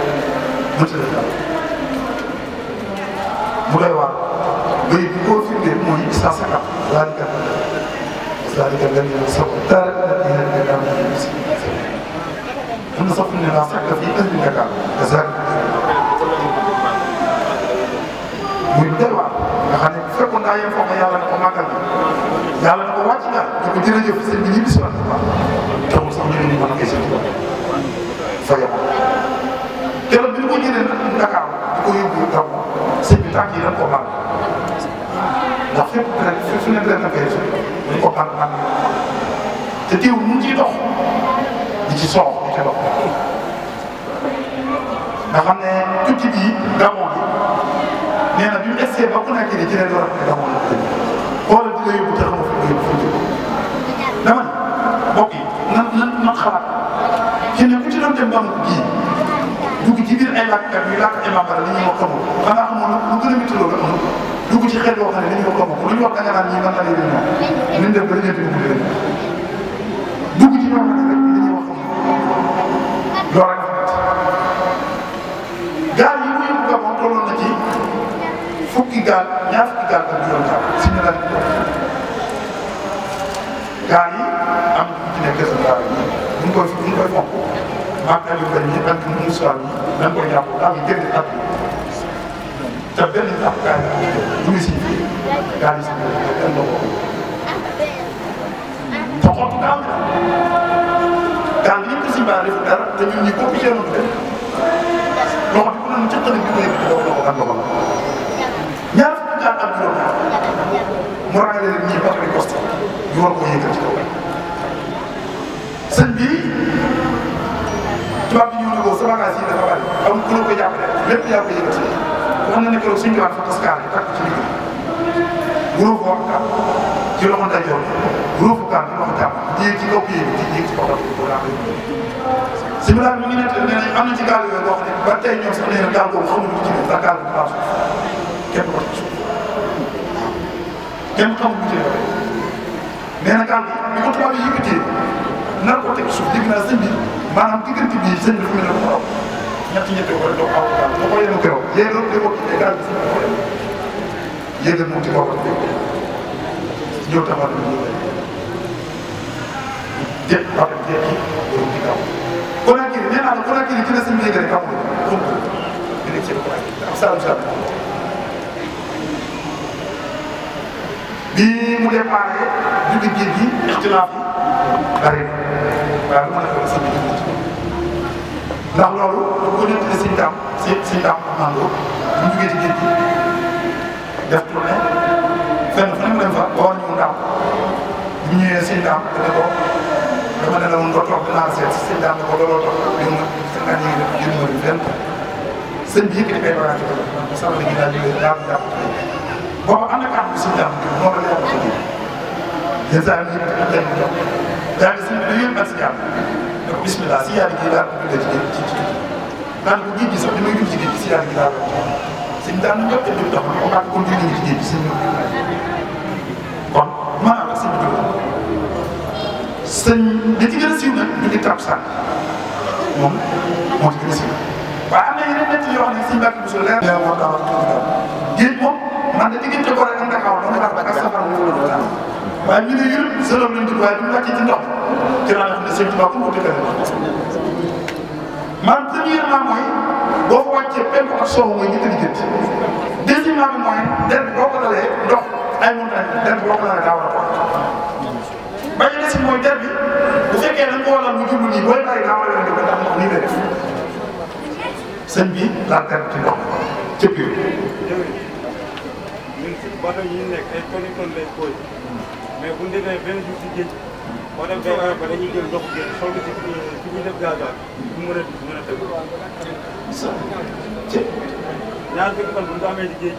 mënta la daal bu doy waar béy bi koo firndeel mooy cent cinquante laa di gàttal laa di gàttal ñu ne sax dara dina dina gàttal ñu ne si mun na sax fi mu ne laa sàkk fii indi nga daal nga zàkk muy doy waar nga xam ne bu fekkoon daa yem foo xam yàlla na ko màggal yàlla na ko wàcc naa te ko jërëjëf sëñ bi ñu bis waat bu baax taxul sax ñu ne ñu mën a gis fa yem tànk yi dañ koo màgg ndax fépp dara fépp fu ne dara koy def dañ koo màgg màgg te teew ñu ngi ciy dox di ci soox di ci dox nga xam ne tukki bii gamoo bi nee na bi mu essayé ba ku nekk nii ci leen war a gamoo la ko xoolal di nga yóbbu te xamoo fi nga yóbbu dama ne mbokk yi nan nan nan xalaat ci ne ku ci doon dem gamoo gii ci biir ay làkkat yu làkk ay màmbara li ñuy wax xamoo xanaa xamoo lu gën a métti loolu amul dugg ci xel yoo xam ne li ñuy wax xamoo lu ñu wax da nga naan ñii man la ñuy def moom nañ def ba dañoo dugg dëgg dugg ci ñoo xam ne rek li ñuy wax xamoo loolu rek gaal yi mu yóbbu Gabon tolloon na ci fukki gaal ñaar fukki gaal ak juróom gaal si ñu laaj gaal yi am ci nekk sa gaal yi ñu koy ñu koy fonk mag Aliou Mbengue ñi ak Moussa bi nañ ko jàpp daal di génn at te benn jàppukaay bu ñu si gaa yi si ko te xottu gaal gaal yi ñu si a def loo xam ne bu doon doo doo ko am dogal ñaar fukki mu ràññee leen ñii ba xam ne costa ko yëngal ci kaw tubaab bi ñëw na ko sa bagage yi dafa bari amul ku la ko jàppale lépp yaa ko yëkkati wax na ne keroog suñu diwaan fa taskaare takk ci liggéey groupe bu wax kan ci loxo ndajoor groupe kan ci loxo jàpp jéeg ci kaw kii bi jéeg ci kaw kii bi daal si bilaay mi ngi nekk ne ne am na ci gaal yooyu boo xam ne ba tey ñoom sax nee na gaal boobu xamuñu ci biir ndax gaal bu baax kenn ko ci suuf kenn xamuñu ci biir nee na gaal bi bi ko tubaab yi yëkkatee nar ko teg suuf dégg naa sëñ bi maanaam diggante bii sëñ bi fu mu ne ko aw ñett ñett ko rek doog aw daal boo xoolee ko yow yéen a déggoo ci égal bi suñu xoolee yéen a mu ci kaw rek ñëw taxawal ñu ñëw jékki ba dem jékki yow ci kaw. kon nag kii nee naa la kon nag kii ci la sëñ bi yëgale kaw moom dina ci ko ay am saa saa bii mu déparé juddi géej gi ixtilaaf yi bari waaw lu ma la ko sëñ bi ndax loolu ku nekk de siñ daam si siñ daam wax naan loolu bu ñu jógee ci géej gi def tournée fenn fu nekk dem fa ba war ñu ndaam bu ñëwee siñ daam dana ko dama ne la woon doo toog dinaa seet si siñ daam ne ko dooloo toog yéen a seen nga ñuy def yéen mooy benn sëñ bi yëkkati ay bagage ko def sax dañuy daal di daal di daal boobu am na kàddu siñ daam bi moom la yàlla ko jël yenn saa yi ñu yëkkati daal di jox daal di si yéen ak si jàmm bisimilah si yaari gi daal di dugal ci ci daan ko géej gi sax li may dugg ci géej gi si yaari gi daal suñ daan ñëw te duñ dox ko baax kon duñ ci géej gi suñ kon maanaam sëñ bi sëñ da ci gën a siiw nag ñu ngi tàmm sànq moom moo ci gën a siiw waaye am na yeneen nett yoo xam ne suñ bàkki bisu leer yaa moo taxaw géej moom man da diggante ko rek da nga taxaw da nga taxaw ba ak safara waaye ñu ne yërëm sëlëm lañ dugg waaye duñ wàcc ci ndox ci laa nga xam ne sëñ Tuubaa ko dëkkale maanaam boo ko wàccee penku ak soowu mooy ñetti liggéey deuxièmement bi mooy den boo ko dalee ndox ay montagne den boo ko dalee daa war a ko ba ñu des mooy der bu da nga ko waral mu jublu nii booy bàyyi daa war a ko ndax ndox nii lay def sëñ bi laal der ci ndox cëpp ay tonne mais bu ñu demee benn jour si géej boo dem ba ba dañuy jël ndoxu géej soog si fi ñuy def gaz daal mu mën a mën a tëgg. ñaar fukki fan bu ñu amee si géej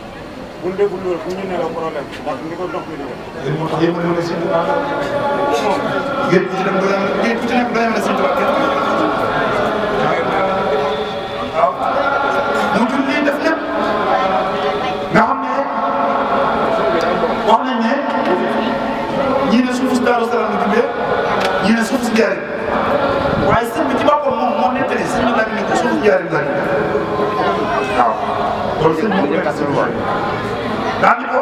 bu ñu deful loolu bu ñu nelaw problème ndax ni ko ndox mi di def. yéen moo tax yéen mën na si. yéen ku ci dem doy na géej ku ci nekk doy na si tubaab ñu ne suuf si njëriñ waaye sëñ bi ci boppam moom moo nettali sëñ bi nag ni ko suuf njëriñ la waaw loolu sëñ bi moo koy askan waay daa ni ko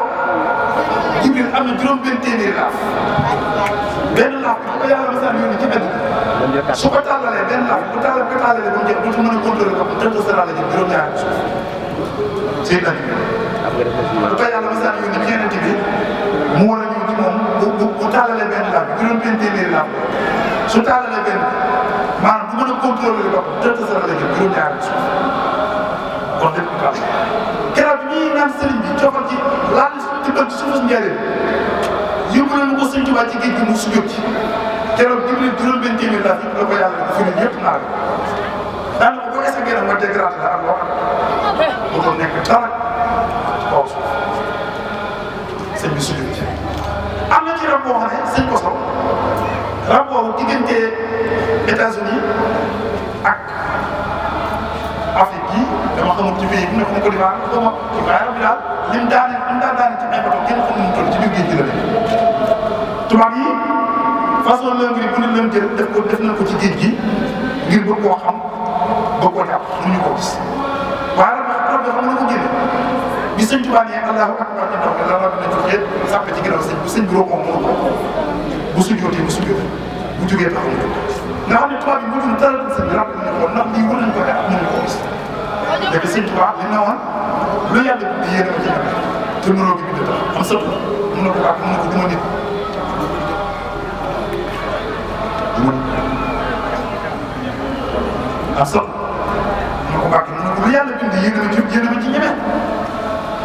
Jibril am na juróom benn téeméeri laaf benn laaf bu ko yàlla masaan yónni ci benn su ko tàllalee benn laaf bu tàllalee bu ko tàllalee ba mu jël dootu mën a contrôler ko dëgg sa la jël juróom-ñaari suuf sëñ bi bu ko yàlla masaan yónni ci yeneen bi mu war a ñëw ci moom bu bu bu tàllalee benn laaf juróom-benn téeméeri laaf su tàllalee benn maanaam bu mën a contrôler la jëm juróom-ñaari suuf kon bi ñuy naan sëriñ bi joxal ci laal ci bëgg suufu njëriñ yóbbu leen ko sëñ Tuubaa ci géej gi mu sujjóot ci keroog jëm leen ko yàlla def fi ne ñëpp naa ko daanaka a ma la am nekk boo xam ne sëñ Koso rab boobu diggante États-Unis ak Afrique yi dama xamul ci pays bu nekk mu ko diwaan xaw ma waaye rab bi daal lim daane lim daan daane ci ay bato kenn xamul mu toll ci biir géej gi la nekk tubaab yi façon lëng yi bu ne lëng jël def ko def nañ ko ci géej gi ngir bëgg koo xam bëgg koo jàpp mënuñu koo gis. bi sëñ Tuubaa ne allahu akbar ñu toog la rab na jógee sàpp ci ginnaaw sëñ bu sëñ bi rooboo moo ko bu sujjootee mu sujjoot bu jógee taxaw nga xam ne tubaab yi mënuñ dara sëñ bi rab na ko ndax lii wër nañ ko te ak mënuñ ko gis léegi sëñ Tuubaa li ne woon lu yàlla bi yéen a ci te mënoo ko bind tax am sëpp mën na ko baax mën na ko duma nit am sëpp mën na ko baax mën na ko lu yàlla bind yéen a ci yéen a ci ñemee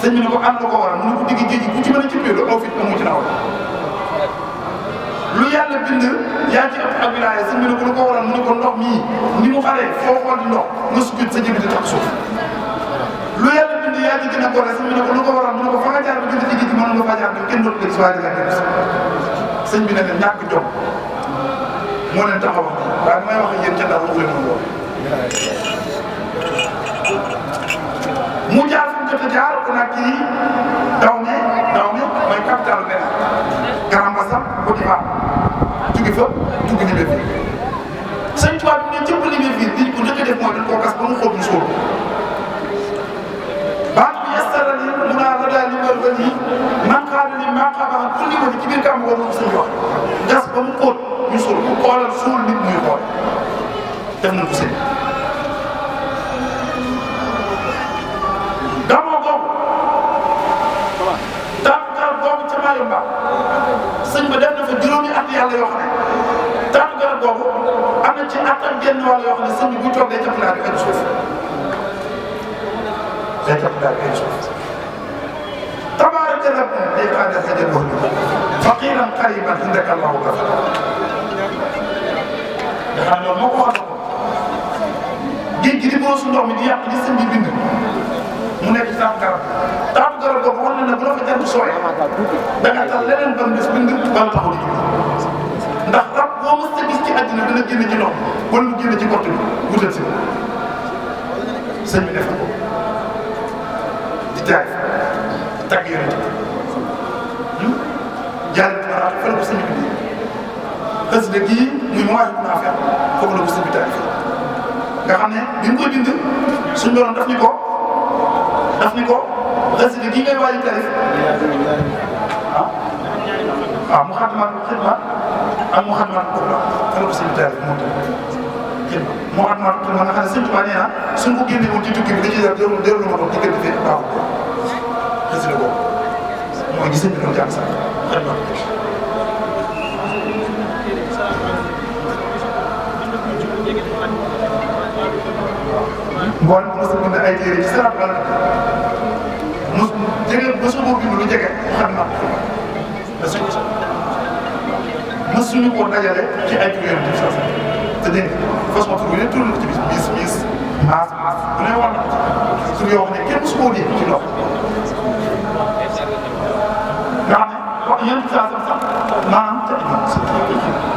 sëñ bi ne ko ànd ko waral mu ne ko digg géej gi ku ci mën a fit amu ci naaw lu yàlla bind yaa ngi ci ëpp ak wilaaya sëñ bi ne ko lu ko waral mu ne ko ndox mii ni mu xaree foo xool di ndox nga sukkandiku sa jëbi di tax suuf lu yaa ngi gën a gore sëñ bi ne ko lu ko waral mu ne ko fa bi gën a digg ci mënoon nga faa jaar kenn dootu gis waaye dina gis sëñ bi ne ne ñàkk jom moo leen taxaw waaye may wax ak yéen ca dara wax leen jot a jaar danaa kii daw ne daw ne mooy capital benn Grand Bassam Boutiba jóge fa jóge Libreville. sëñ Tuubaa bi ne cëpp Libreville liñ ko njëkk a def mooy dañ koo gas ba mu xóot mu sóor baat bi yastara li mu naa la daal li wal wal yi man xaar ni maa xaar pour li ko ci biir war moom sëñ wax gas ba mu xóot ñu sóor xoolal suul nit muy xool def nañ ko fa juróomi at yàlla yoo xam ne taatu garab boobu am na ci at ak genn wàll yoo xam ne sëñ bi bu toog day jàpp naa rek suuf day jàpp naa rek suuf tabaaraka rabbi day faa des a jël wax faqiran qariban indaka allahu kafa nga xam ne moo ko waxal ko di boosu ndox di yàq di mu nekk taatu garab du sooy da nga tax leneen ban bis bi ngir ban taxul ndax rab boo mës a ci àddina dana génn ci ndox wala mu génn ci kott bi wutal si sëñ bi def ko di jaay tàgg yonent bi hmm? jaay bi maraat fan ko sëñ bi di xasida gii muy mois bu naa fer bi taay nga xam ne bi mu koy bind suñu borom ko daf ñu ko xasida gi ngay waaj tarif ah waaw ah, mu xatmaat xidma ak ah, mu xatmaat xidma xelal seen tarif moo tax xidma mu xatmaat xidma nga xam ne sëñ Tuubaa nee na suñ ko génne woon ci tukki bi da ciy delloo delloo ma doon diggante fee baaxul ko xasida boobu mooy gis nañu ko jàng sax xidma mboolem mos a bind ay téere ci sarab mos jege mosu koo bind lu jege xam naa da suñu sa mosuñu koo dajale ci ay tur yonent bi sallallahu alayhi wasallam te dégg nga façon tur bi ne tur ci bis bis bis maas maas bu ne war na ko tur yoo xam ne kenn mosu koo dégg ci ndox nga xam ne wax yonent bi sallallahu alayhi wasallam maanaam te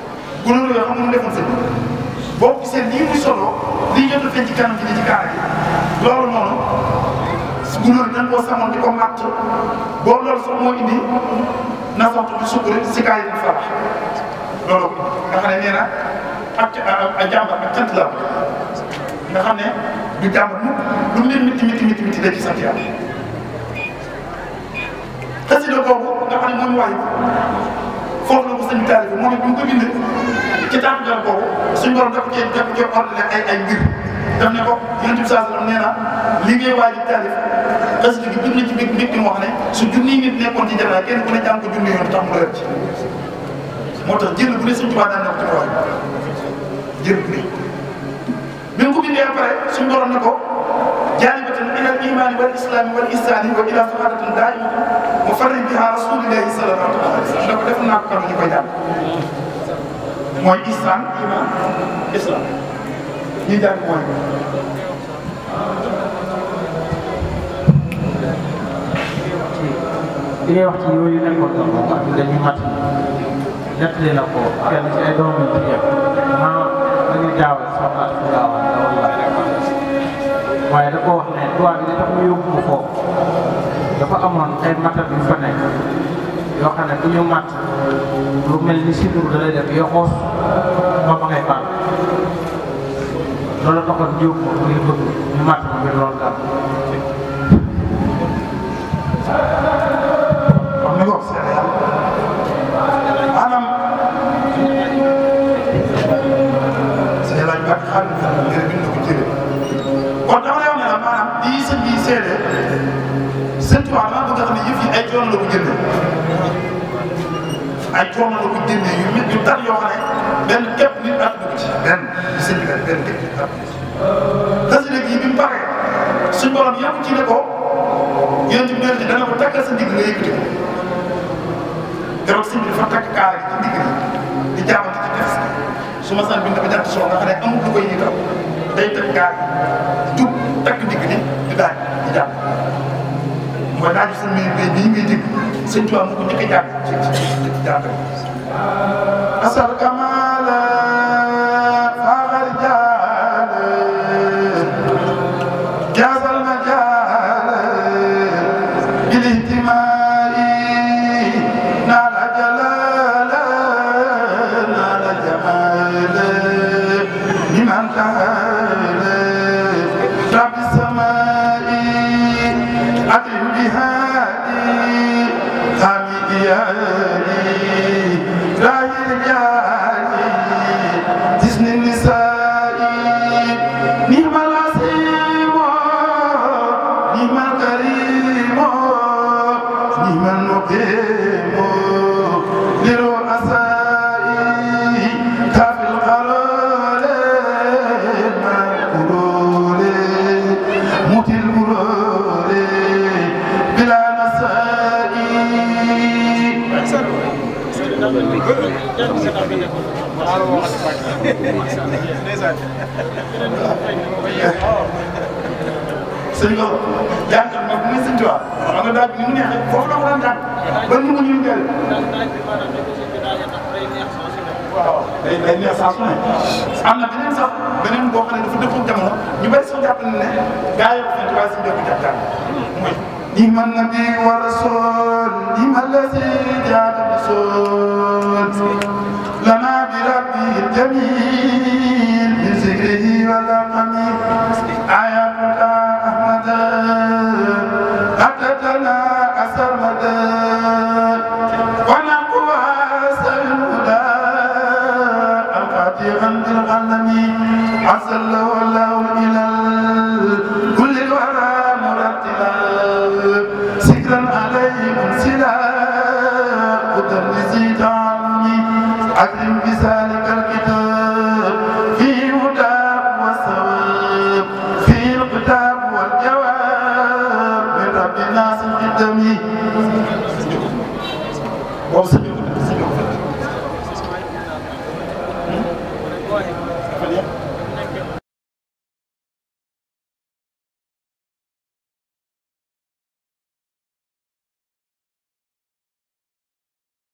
gunóor yooyu xam nga mu defoon sëñ boo gisee nii muy solo lii jot a feeñ ci kanam gi loolu noonu gunóor yi dañ koo samoon ko màtt boobu loolu sax moo indi nasantu bi sukkur si kaay bi loolu nga xam ne nee na ak ak jàmbar ak miti miti miti miti day ci sant yàlla xasida boobu nga xam foofu la ko sëñ taalibe moom it ñu ko bind ci taatu jàll boobu ko yonent bi saa sallam nee na li ngay a taalif xasida gi junni wax ne su junniy nit nekkoon ci jamono kenn ku ne jàng ko junni yoon tax mu doyal ci moo tax jël suñ tubaab daan bi nga ko bindee pare imaani wal islaami wal ihsaani wa ila saxaadatin daa'imatan mu farri biha rasulillahi sallallahu alayhi wa sallam def naa ko tam ñu koy jàng mooy islam iman islam ñi jàng mooy li ngay wax ci yooyu nekkoon na moom ak dañu mat nettali na ko kenn ci ay doomu jigéen maa dañu jaawal soxna ak waaye da koo wax ne tubaab bi da tax mu yóbbu ko foofu dafa amoon ay matat yu fa nekk yoo ne bu ñu mat lu mel ni sidur da lay def yoxoos ba ba ngay baax loolu taxoon jóg ngir bëgg ñu mat ngir loolu daal ay yoon la ko jënd ay coono la ko jëndee yu nit yu tar yoo xam ne benn képp nit at dugg ci benn sëñ bi benn képp nit at dugg ci. xasida gi bi mu paree suñu borom yàqu ci ne ko ko takkal sa ndigg nga yëkkati ko keroog sëñ bi ne amul lu koy yëngal day teg kaar gi jub takk ndigg ni di daaj di jàpp. mooy daal di sëñ bi bii ngay dégg sëñ Tuubaa mu ko njëkk a jàng ci ci ci jàngal. sëñ Ba jàngal ma bu muy sëñ Tuubaa xam nga daal bi ni mu neexee foofu la ko daan jàng ba nu mu ñëw teel. waaw day day neex saa su ne am na beneen sax beneen boo xam ne dafa dëppoo jamono ñu bëri sax jàpp ne gaa yi sëñ Tuubaa sëñ Tuubaa jàpp mooy. إما النبي ورسول إما الذي جاء برسول सुव